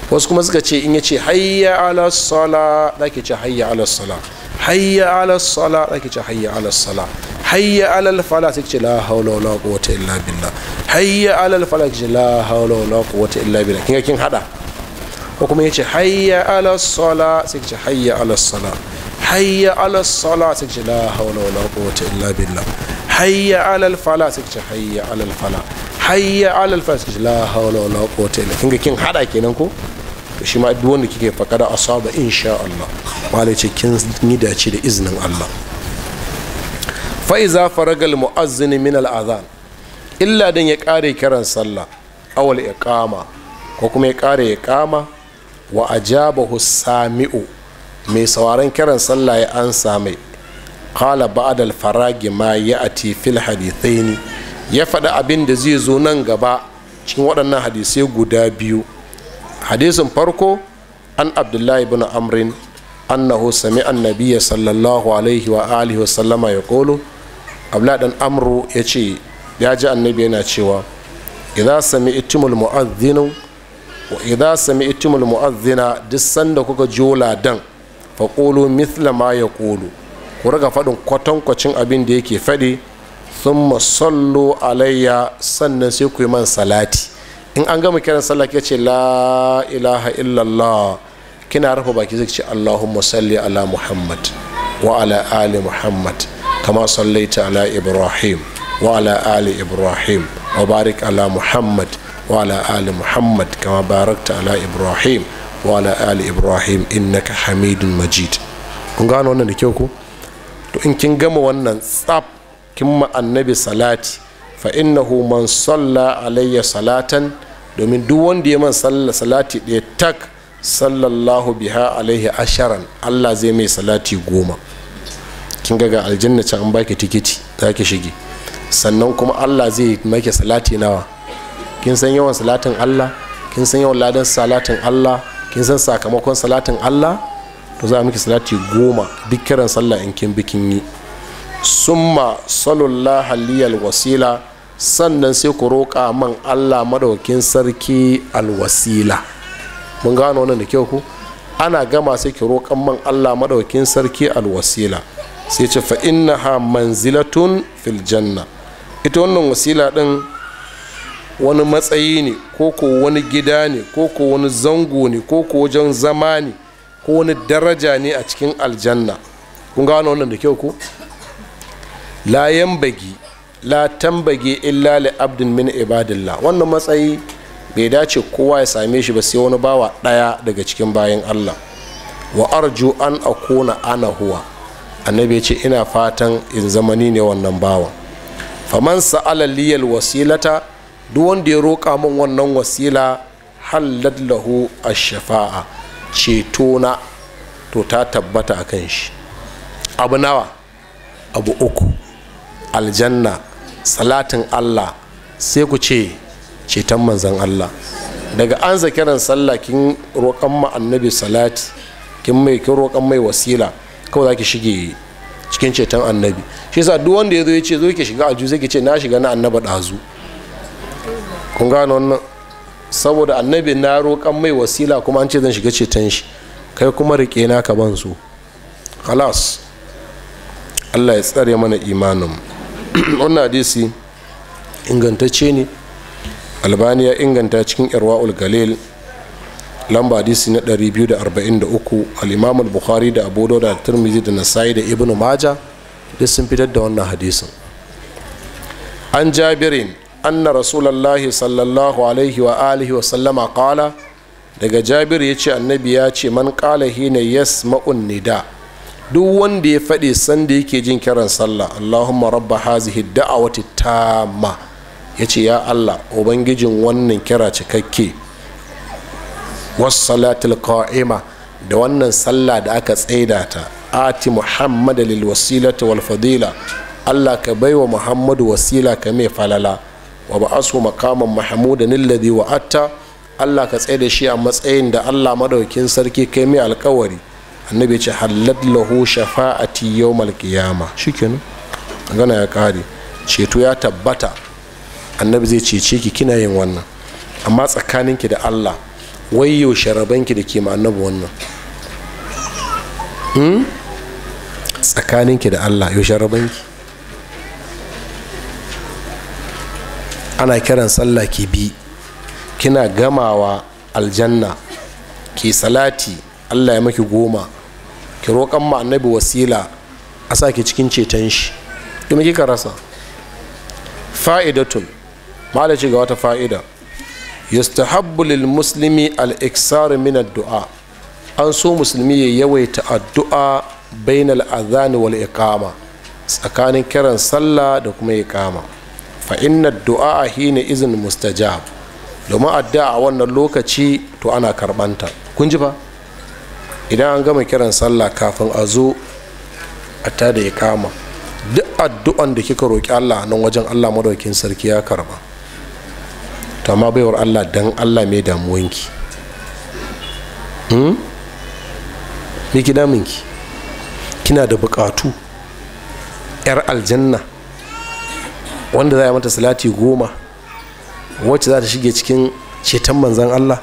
wasu kuma suka ce in ya ce hayya ala sala da ke ce hayya ala sala hayya ala sala da ke ce hayya ala sala hayya ala fala sai ce la haula wala quwwata illa billah hayya ala fala ke ce la haula wala quwwata illa billah kin kin hada ko kuma ya ce hayya ala sala sai ce hayya ala sala hayya ala sala sai ce la haula wala wata illa billah hayya ala al fala sai ce hayya ala al fala hayya ala al fala sai ce la haula wala wata illa kinga kin hada kenan ko to shi ma duk wanda kike fakada asaba insha Allah malai ce kin ni dace da iznin Allah fa iza faragal muazzin min al adhan illa dan ya kare kiran sallah awal iqama ko kuma ya kare iqama wa ajabahu sami'u mai sauraron kiran sallah ya ansa mai kala ba'da faragi ma ya ya'ti fil hadithaini ya faɗi abin da zai zo nan gaba cikin waɗannan hadisai guda biyu hadisin farko an abdullahi bin amrin annahu sami annabiya sallallahu alaihi wa alihi wa sallama ya kolo abdullahi dan amru ya ce ya ji annabi yana cewa idza sami itimul mu'adhdhinu wa idza sami itimul mu'adhdhina duk sanda kuka jola dan fa mithla ma yaqulu ku riga faɗin kwatankwacin abin da yake faɗi sun sallu alayya sannan sai ku yi man salati in an gama kiran sallah ke ce la ilaha illallah kina rufe baki zai ce allahumma salli ala muhammad wa ala ali muhammad kama sallaita ala ibrahim wa ala ali ibrahim wa barik ala muhammad wa ala ali muhammad kama barakta ala ibrahim wala ala ali ibrahim innaka hamidun majid kun gano wannan da kyau ko to in kin gama wannan tsaf kin ma annabi salati fa innahu man salla alayya salatan domin duk wanda ya man salla salati ɗaya tak sallallahu biha alaihi asharan Allah zai mai salati goma kin ga ga aljanna can an baki tikiti zaki shige sannan kuma Allah zai make salati nawa kin san yawan salatin Allah kin san yawan ladan salatin Allah kin san sakamakon salatin Allah to za miki salati goma duk kiran sallah in kin bikin yi summa sallallahu aliyal wasila sannan sai ku roƙa man Allah madaukin sarki alwasila mun gano wannan da kyau ku ana gama sai ki roƙan man Allah madaukin sarki alwasila sai ce fa innaha manzilatun filjanna ita wannan wasila ɗin. wani matsayi ne ko ko wani gida ne ko ko wani zango ne ko ko wajen zama ne ko wani daraja ne a cikin aljanna kun gano wannan da kyau ko la yambagi la tambage illa li abdin min ibadillah wannan matsayi bai dace kowa ya same shi ba sai wani bawa daya daga cikin bayan Allah wa arju an akuna ana huwa annabi ya ce ina fatan in zamani ne wannan bawan faman sa'ala liyal wasilata duk wanda ya roƙa min wannan wasila halad lahu ash-shafa'a ceto na to ta tabbata akan shi abu nawa abu uku aljanna salatin Allah sai ku ce ceton manzon Allah daga an kiran sallah kin roƙan ma annabi salati kin mai kin roƙan mai wasila kawai zaki shige cikin ceton annabi shi yasa duk wanda ya zo ya ce zo ki shiga aljuzai sai ki ce na shiga na annaba ɗazu kun gane wannan saboda annabi na roƙan mai wasila kuma an ce zan shiga ceton shi kai kuma riƙe na ka ban su halas allah ya tsare mana imanin wannan hadisi ingantacce ne albani ya inganta cikin irwa'ul galil lamba hadisi na 243 al-imam al-bukhari da abu da tirmidhi da nasa'i da ibnu maja duk sun fitar da wannan hadisin an jabirin anna rasulallahi sallallahu alaihi wa alihi wa sallama qala daga jabir ya ce annabi ya ce man kala hina ma'un nida duk wanda ya faɗi sanda yake jin kiran sallah allahumma rabba hazihi da'awati tama ya ce ya allah ubangijin wannan kira cikakke wasalatul qa'ima da wannan sallah da aka tsaida ta ati muhammad lil wasilati wal fadila allah ka baiwa muhammadu wasila ka mai falala wa ba'asu makaman mahmudan alladhi wa'atta Allah ka tsaye da shi a matsayin da Allah madaukin sarki kai mai alkawari annabi ce halad lahu shafa'ati yawmal qiyama shikenan magana ya kare ceto ya tabbata annabi zai cece ki kina yin wannan amma tsakaninki da Allah wayyo sharabanki da ke ma annabi wannan hmm? tsakaninki da Allah yau sharabanki ana kiran sallah ki bi kina gamawa aljanna ki salati allah ya maki goma ki roƙan ma annabi wasila a sa ki cikin ceton shi kuma kika rasa fa'idatun malaci ga wata fa'ida yustahabbu lil muslimi al iksar min addu'a an so musulmi ya yawaita addu'a bainal adhan wal iqama tsakanin kiran sallah da kuma iqama fa inna du'a hina izin mustajab domin addu'a a wannan lokaci to ana karbanta kun ji ba idan an gama kiran sallah kafin a zo a ta da ikama duk addu'an da kika roƙi Allah nan wajen Allah madaukin sarki ya karba to amma baiwar Allah dan Allah mai damuwanki hmm? kina da bukatu 'yar aljanna wanda za a mata salati goma wacce za ta shige cikin ceton manzan Allah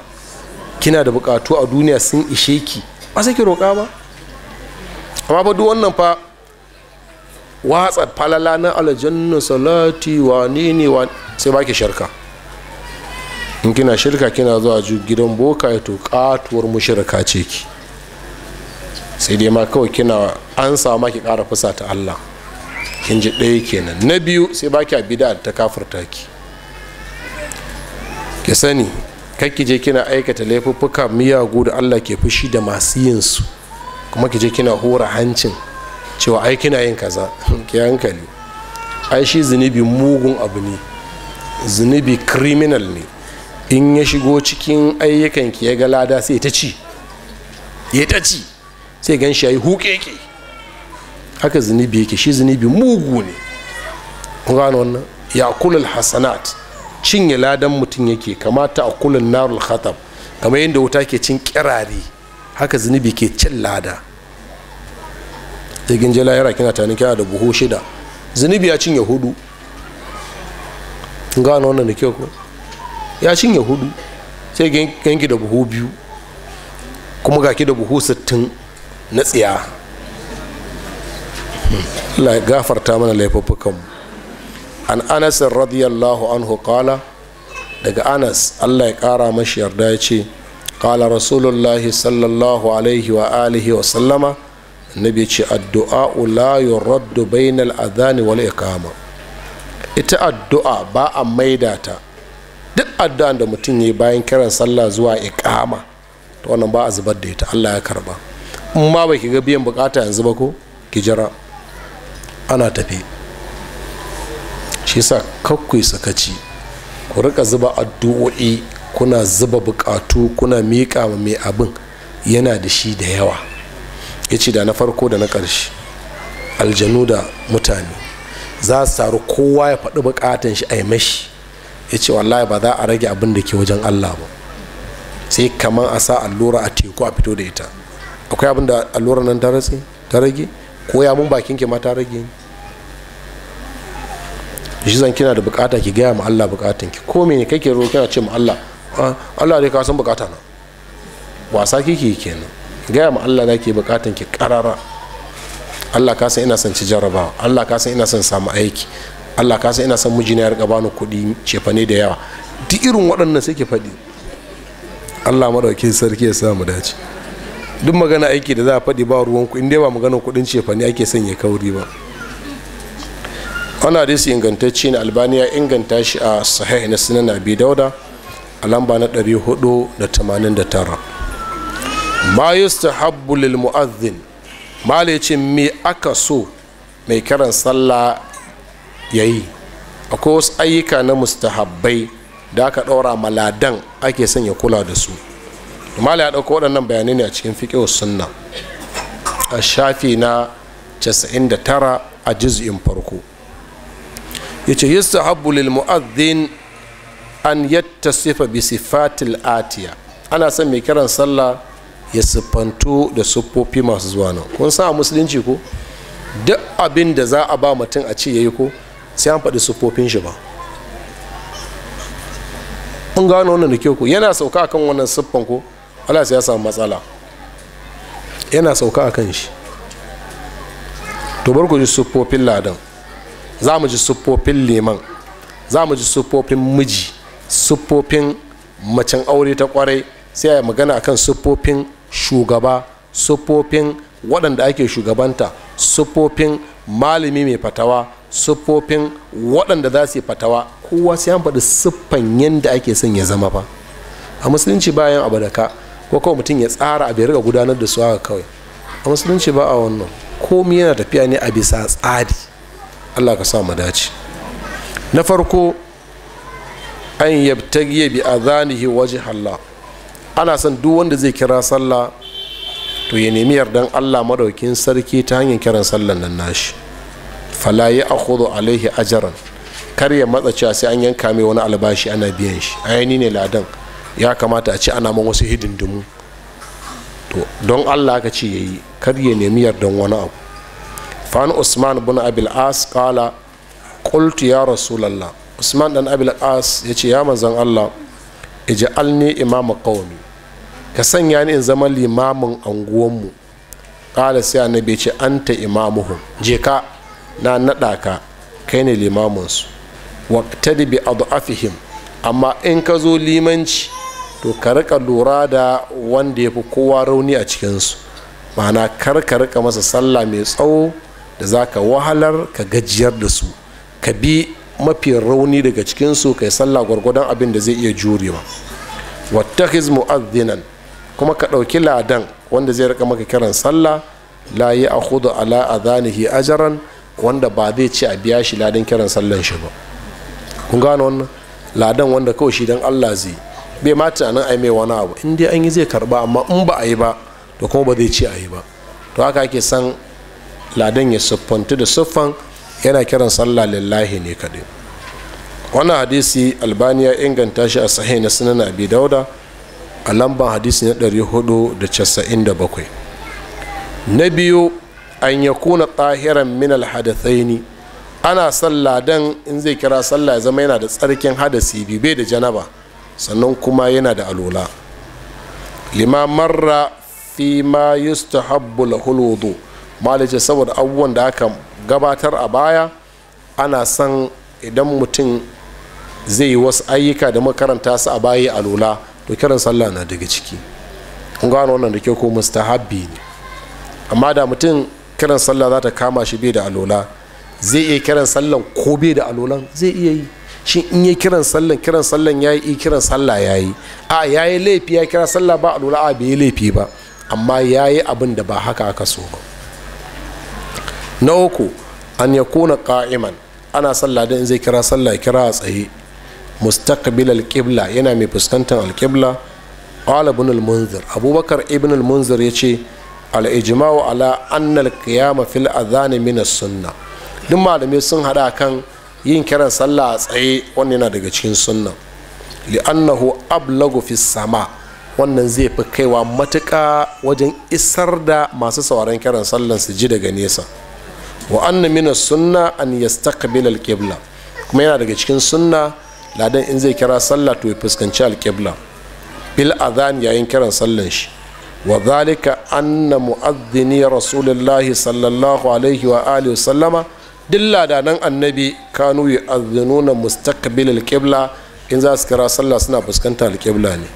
kina da bukatu a duniya sun ishe ki ba sai ki roƙa ba amma ba duk wannan fa watsa falala na aljanna salati wa ne wa sai baki shirka in kina shirka kina zuwa gidan boka ya to katuwar mushirka ce ki sai dai ma kawai kina an samu ki ƙara fusa ta Allah kin ji ɗaya kenan na biyu sai ba ki bida ta kafurta ki ki sani kakki je kina aikata laifuffuka miyagu da allah ke fushi da masu yin su kuma ki je kina hora hancin cewa ai kina yin kaza ki hankali ai shi zunubi mugun abu ne zunubi criminal ne in ya shigo cikin ayyukan ki ya ga lada sai ta ci ya ta ci sai gan shi ya yi hukeke haka zunubi yake shi zunubi mugu ne kun gano wannan ya kulul hasanat cinye ladan mutum yake kamata a kulun narul khatab kamar yadda wuta ke cin kirare haka zunubi ke cin lada jirgin jela yara kina tani kina da buhu shida zunubi ya cinye hudu gano wannan da kyau ko ya cinye hudu sai gangi da buhu biyu kuma gaki da buhu sittin na tsiya Allah ya gafarta mana laifuffukan an Anas radiyallahu anhu kala daga Anas Allah ya kara mashi yarda ya ce kala rasulullahi sallallahu alaihi wa alihi wa sallama annabi ya ce addu'a la yuraddu bainal adhani wal iqama ita addu'a ba a maida ta duk addu'an da mutum yayi bayan kiran sallah zuwa iqama to wannan ba a zubar da ita Allah ya karba in ma baki ga biyan bukata yanzu ba ko ki jira ana tafe shi sa kakwai sakaci ku rika zuba addu'o'i kuna zuba bukatu kuna miƙa ma mai abin yana da shi da yawa ya ce da na farko da na ƙarshe aljanu da mutane za su taru kowa ya faɗi bukatan shi a yi mashi ya ce wallahi ba za a rage abin da ke wajen allah ba sai kamar a sa allura a teku a fito da ita akwai abin da allura nan ta rage ko ya mun bakin ke ma ta rage shi zan kina da bukata ki gaya ma Allah bukatan ki ko me kake roƙo kina ce ma Allah ah, Allah dai ka san bukata na wasa kike kenan gaya ma Allah nake bukatan ki karara Allah ka san ina son ci jarabawa Allah ka san ina son samu aiki Allah ka san ina son mijina ya riga bani kuɗi cefane da yawa duk irin waɗannan sai ki faɗi Allah madaukin sarki ya samu dace duk magana aiki da za a faɗi ba ruwan ku in dai ba magana kuɗin cefane ake son ya kauri ba wani hadisi ingantacci ne albani ya inganta shi a sahih na sunan abi dauda a lamba na 489 ma habbu lil mu'adhdhin ma me aka so mai karan sallah yayi akwai wasu ayyuka na mustahabbai da aka ɗaura maladan ake son ya kula da su mala ya ɗauka waɗannan bayanai ne a cikin fiƙewar sunna a shafi na 99 a juz'in farko yace yustahabbu lil mu'addin an sifa bi sifatil atiya ana son mai kiran sallah ya siffantu da siffofi masu zuwa nan kun sa musulunci ko duk abin da za a ba mutum a ce ya yi ko sai an faɗi siffofin shi ba kun gano wannan da kyau ko yana sauka a kan wannan siffan ko Allah sai ya samu matsala yana sauka a kan shi to bar ku ji siffofin ladan za mu ji siffofin leman za mu ji siffofin miji siffofin macen aure ta kwarai sai a magana akan siffofin shugaba siffofin waɗanda ake shugabanta siffofin malami mai fatawa siffofin waɗanda za su yi fatawa kowa sai an faɗi siffan yadda ake son ya zama ba. a musulunci bayan abu da ka ko kawai mutum ya tsara abu ya riga gudanar da su haka kawai a musulunci ba a wannan komi yana tafiya ne a bisa tsari allah ka sa mu dace na farko an yabtagiye bi a zanihi waje Allah ana son duk wanda zai kira sallah to ya nemi yardan Allah madaukin sarki ta hanyar kiran sallan nan nashi fala ya kudu alaihi ajaran kar ya matsa cewa sai an yanka mai wani albashi ana biyan shi ayani ne ladan ya kamata a ce ana man wasu hidindimu don Allah ka ce ya yi kar ya nemi yardan wani abu fa usman bin abil as qala qultu ya rasulullah usman dan abil as yace ya manzon Allah iji ij'alni imama qaumi ka sanya ni in zama limamin anguwanmu qala sai annabi ce anta imamuhum je ka na naɗa ka kai ne limaminsu waqtadi bi adafihim amma in ka zo limanci to ka rika lura da wanda ya fi kowa rauni a cikinsu ma'ana kar ka rika masa sallah mai tsawo da za ka wahalar ka gajiyar da su ka bi mafi rauni daga cikinsu kai sallah gwargwadon abin da zai iya jurewa hizmu mu'adhdhinan kuma ka ɗauki ladan wanda zai rika maka kiran sallah la yi a hudu ala a ajaran wanda ba zai ci a biya shi ladan kiran sallan shi ba kun gano wannan ladan wanda kawai shi don Allah zai bai ma tunanin ai mai wani abu in dai an yi zai karba amma in ba a yi ba to kuma ba zai ci a yi ba to haka ake san ladan ya siffantu da siffan yana kiran sallah lillahi ne kaɗai wannan hadisi albaniya inganta shi a sahih na sunan abi dauda a lamban hadisi na 497 na biyu an ya kuna tsahiran min alhadathaini ana sallah ladan in zai kira sallah ya zama yana da tsarkin hadasi bibe da janaba sannan kuma yana da alola lima marra fi ma yustahabbu lahul wudu' malice saboda abubuwan da aka gabatar a baya ana son idan mutum zai yi wasu ayyuka da makaranta su a baya a lula to kiran sallah na daga ciki kun gano wannan da ke ko mustahabbi ne amma da mutum kiran sallah za ta kama shi bai da alola zai iya kiran sallan ko bai da alola zai iya yi shi in yi kiran sallan kiran sallan ya yi kiran sallah ya yi a ya yi laifi ya kira sallah ba alola a bai yi laifi ba amma ya yi abin da ba haka aka so ba na uku an ya kuna ka'iman ana sallah in zai kira sallah kira a tsaye mustaqbil alqibla yana mai fuskantar alqibla qala ibn al-munzir abubakar ibn al-munzir yace al-ijma'u ala anna al fil adhan min as duk malamai sun hada kan yin kiran sallah a tsaye wannan yana daga cikin sunna li'annahu ablagu fi sama' wannan zai fi kaiwa matuƙa wajen isar da masu sauran kiran sallan su ji daga nesa wa anna mina sunna an yastaqbil al-qibla kuma yana daga cikin sunna ladan in zai kira sallah to ya fuskanci al-qibla bil adhan yayin kiran sallan shi wa dhalika anna mu'adhdhini rasulullahi sallallahu alaihi wa alihi sallama duk ladanan annabi kanu yu'adhdhinuna mustaqbil al-qibla in za su kira sallah suna fuskantar al ne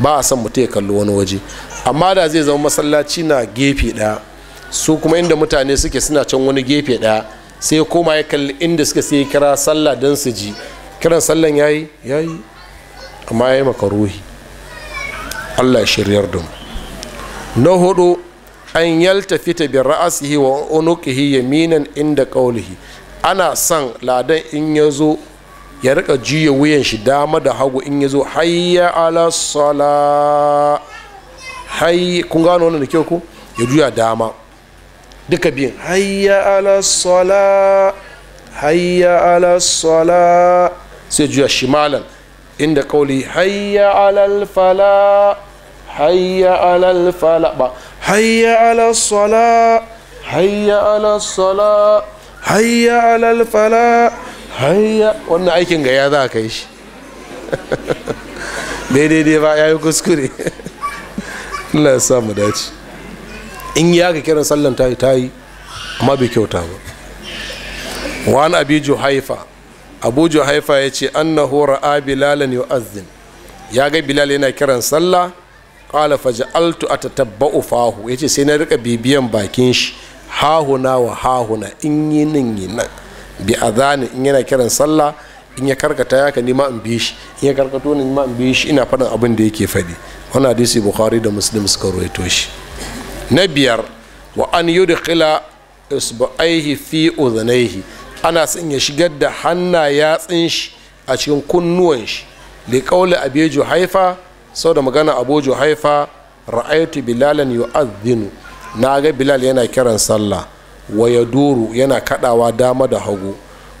ba a san mutum ya kalli wani waje amma da zai zama masallaci na gefe ɗaya su kuma inda mutane suke suna can wani gefe ɗaya sai koma ya kalli inda suke sai kira sallah don su ji kiran sallan ya yi amma ya maka makaruhi Allah ya shiryar da na hudu an yalta fita bi ra'asihi wa unuqihi yaminan inda qawlihi ana san ladan in ya zo ya rika juya wuyan shi dama da hagu in ya zo hayya ala sala hayi kun gano wannan da kyau ko ya juya dama duka biyun hayya ala sala hayya ala sala sai juya shimalan inda kauli hayya ala fala hayya ala fala ba hayya ala sala hayya ala sala hayya ala fala hayya wannan aikin ga ya za ka yi shi daidai ba ya yi kuskure Allah ya samu dace in ya ga kiran sallan ta yi ta yi amma bai kyauta ba wani abi juhaifa abu juhaifa ya ce an na hura a bilalan azin ya ga bilal yana kiran sallah a faj'altu ufahu ya yace sai na rika bibiyan bakin shi hahuna wa hahuna in yi nan yi nan bi a zane in yana kiran sallah in ya karkata ya ka nima in bi in ya karkato ni ma in bi ina faɗin abin da yake faɗi wani hadisi bukhari da muslim suka rawaito shi na biyar wa an da kila isba'aihi fi uzanaihi ana son ya shigar da hanna ya shi a cikin kunnuwan shi li qawli abi juhaifa sau da magana abu juhaifa ra'ayatu bilalan yu'adhdhinu na ga bilal yana kiran sallah wa ya duru yana kadawa dama da hagu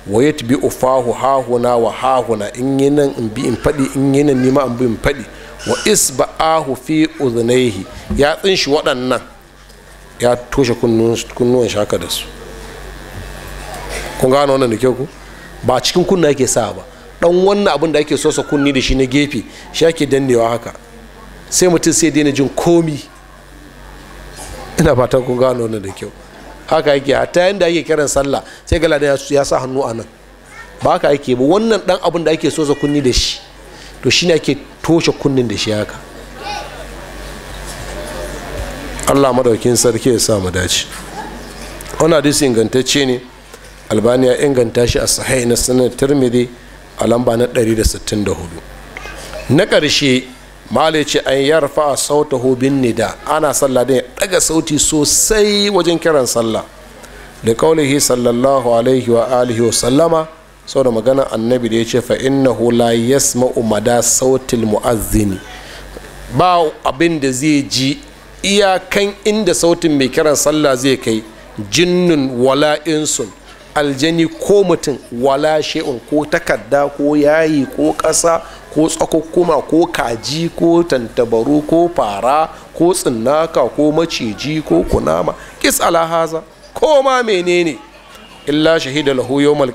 wa ufahu hahuna wa hahuna in yi nan in bi in fadi in yi nan nima in bi in fadi wa isba'ahu fi udhnaihi yatsin shi waɗannan ya toshe kunnuwan haka da su kun gano wannan da kyau ku ba cikin kunna yake sa ba dan wannan abin da ake sosa kunni da shi na gefe shi ake dannewa haka sai mutum sai daina jin komi ina fatan kun gano wannan da kyau haka yake hatta yanda ake kiran sallah sai gala da ya sa hannu a nan ba haka yake ba wannan dan abin da ake sosa kunni da shi to shine ake toshe kunnin da shi haka allah madaukin sarki ya sa mu dace wani hadisi ingantacce ne albani ya inganta shi a sahai na sanar tirmidhi a lamba na 164 na ƙarshe mali ce an yarfa a sauta hobin nida ana sallah da ya ɗaga sauti sosai wajen kiran sallah da kaulihi sallallahu alaihi wa alihi wa sallama sau da magana annabi da ya ce fa innahu la yasma'u mada sautil mu'azzini ba abin da zai ji iyakan inda sautin mai kiran sallah zai kai jinnun wala insun aljani ko mutum wala she'un ko takarda ko yayi ko ƙasa ko tsakukkuma ko kaji ko tantabaru ko fara ko tsinaka ko maciji ko kunama kis lahaza ko ma menene illa shahida lahu yawmal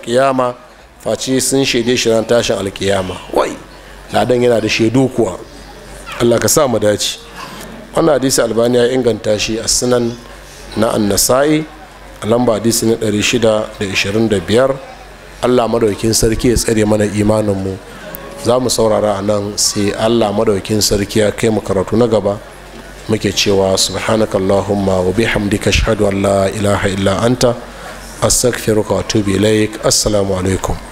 face sun shaide shi ran tashin alkiyama wai ladan yana da shaidu kuwa Allah ka sa mu dace wannan hadisi albani ya inganta shi a sunan na annasa'i a lamba hadisi na 625 allah madaukin sarki ya tsare mana imaninmu za mu saurara a nan sai allah madaukin sarki ya kai mu karatu na gaba muke cewa subhanaka allahumma wa bihamdika ashhadu an la ilaha illa anta astaghfiruka wa atubu ilaik assalamu alaikum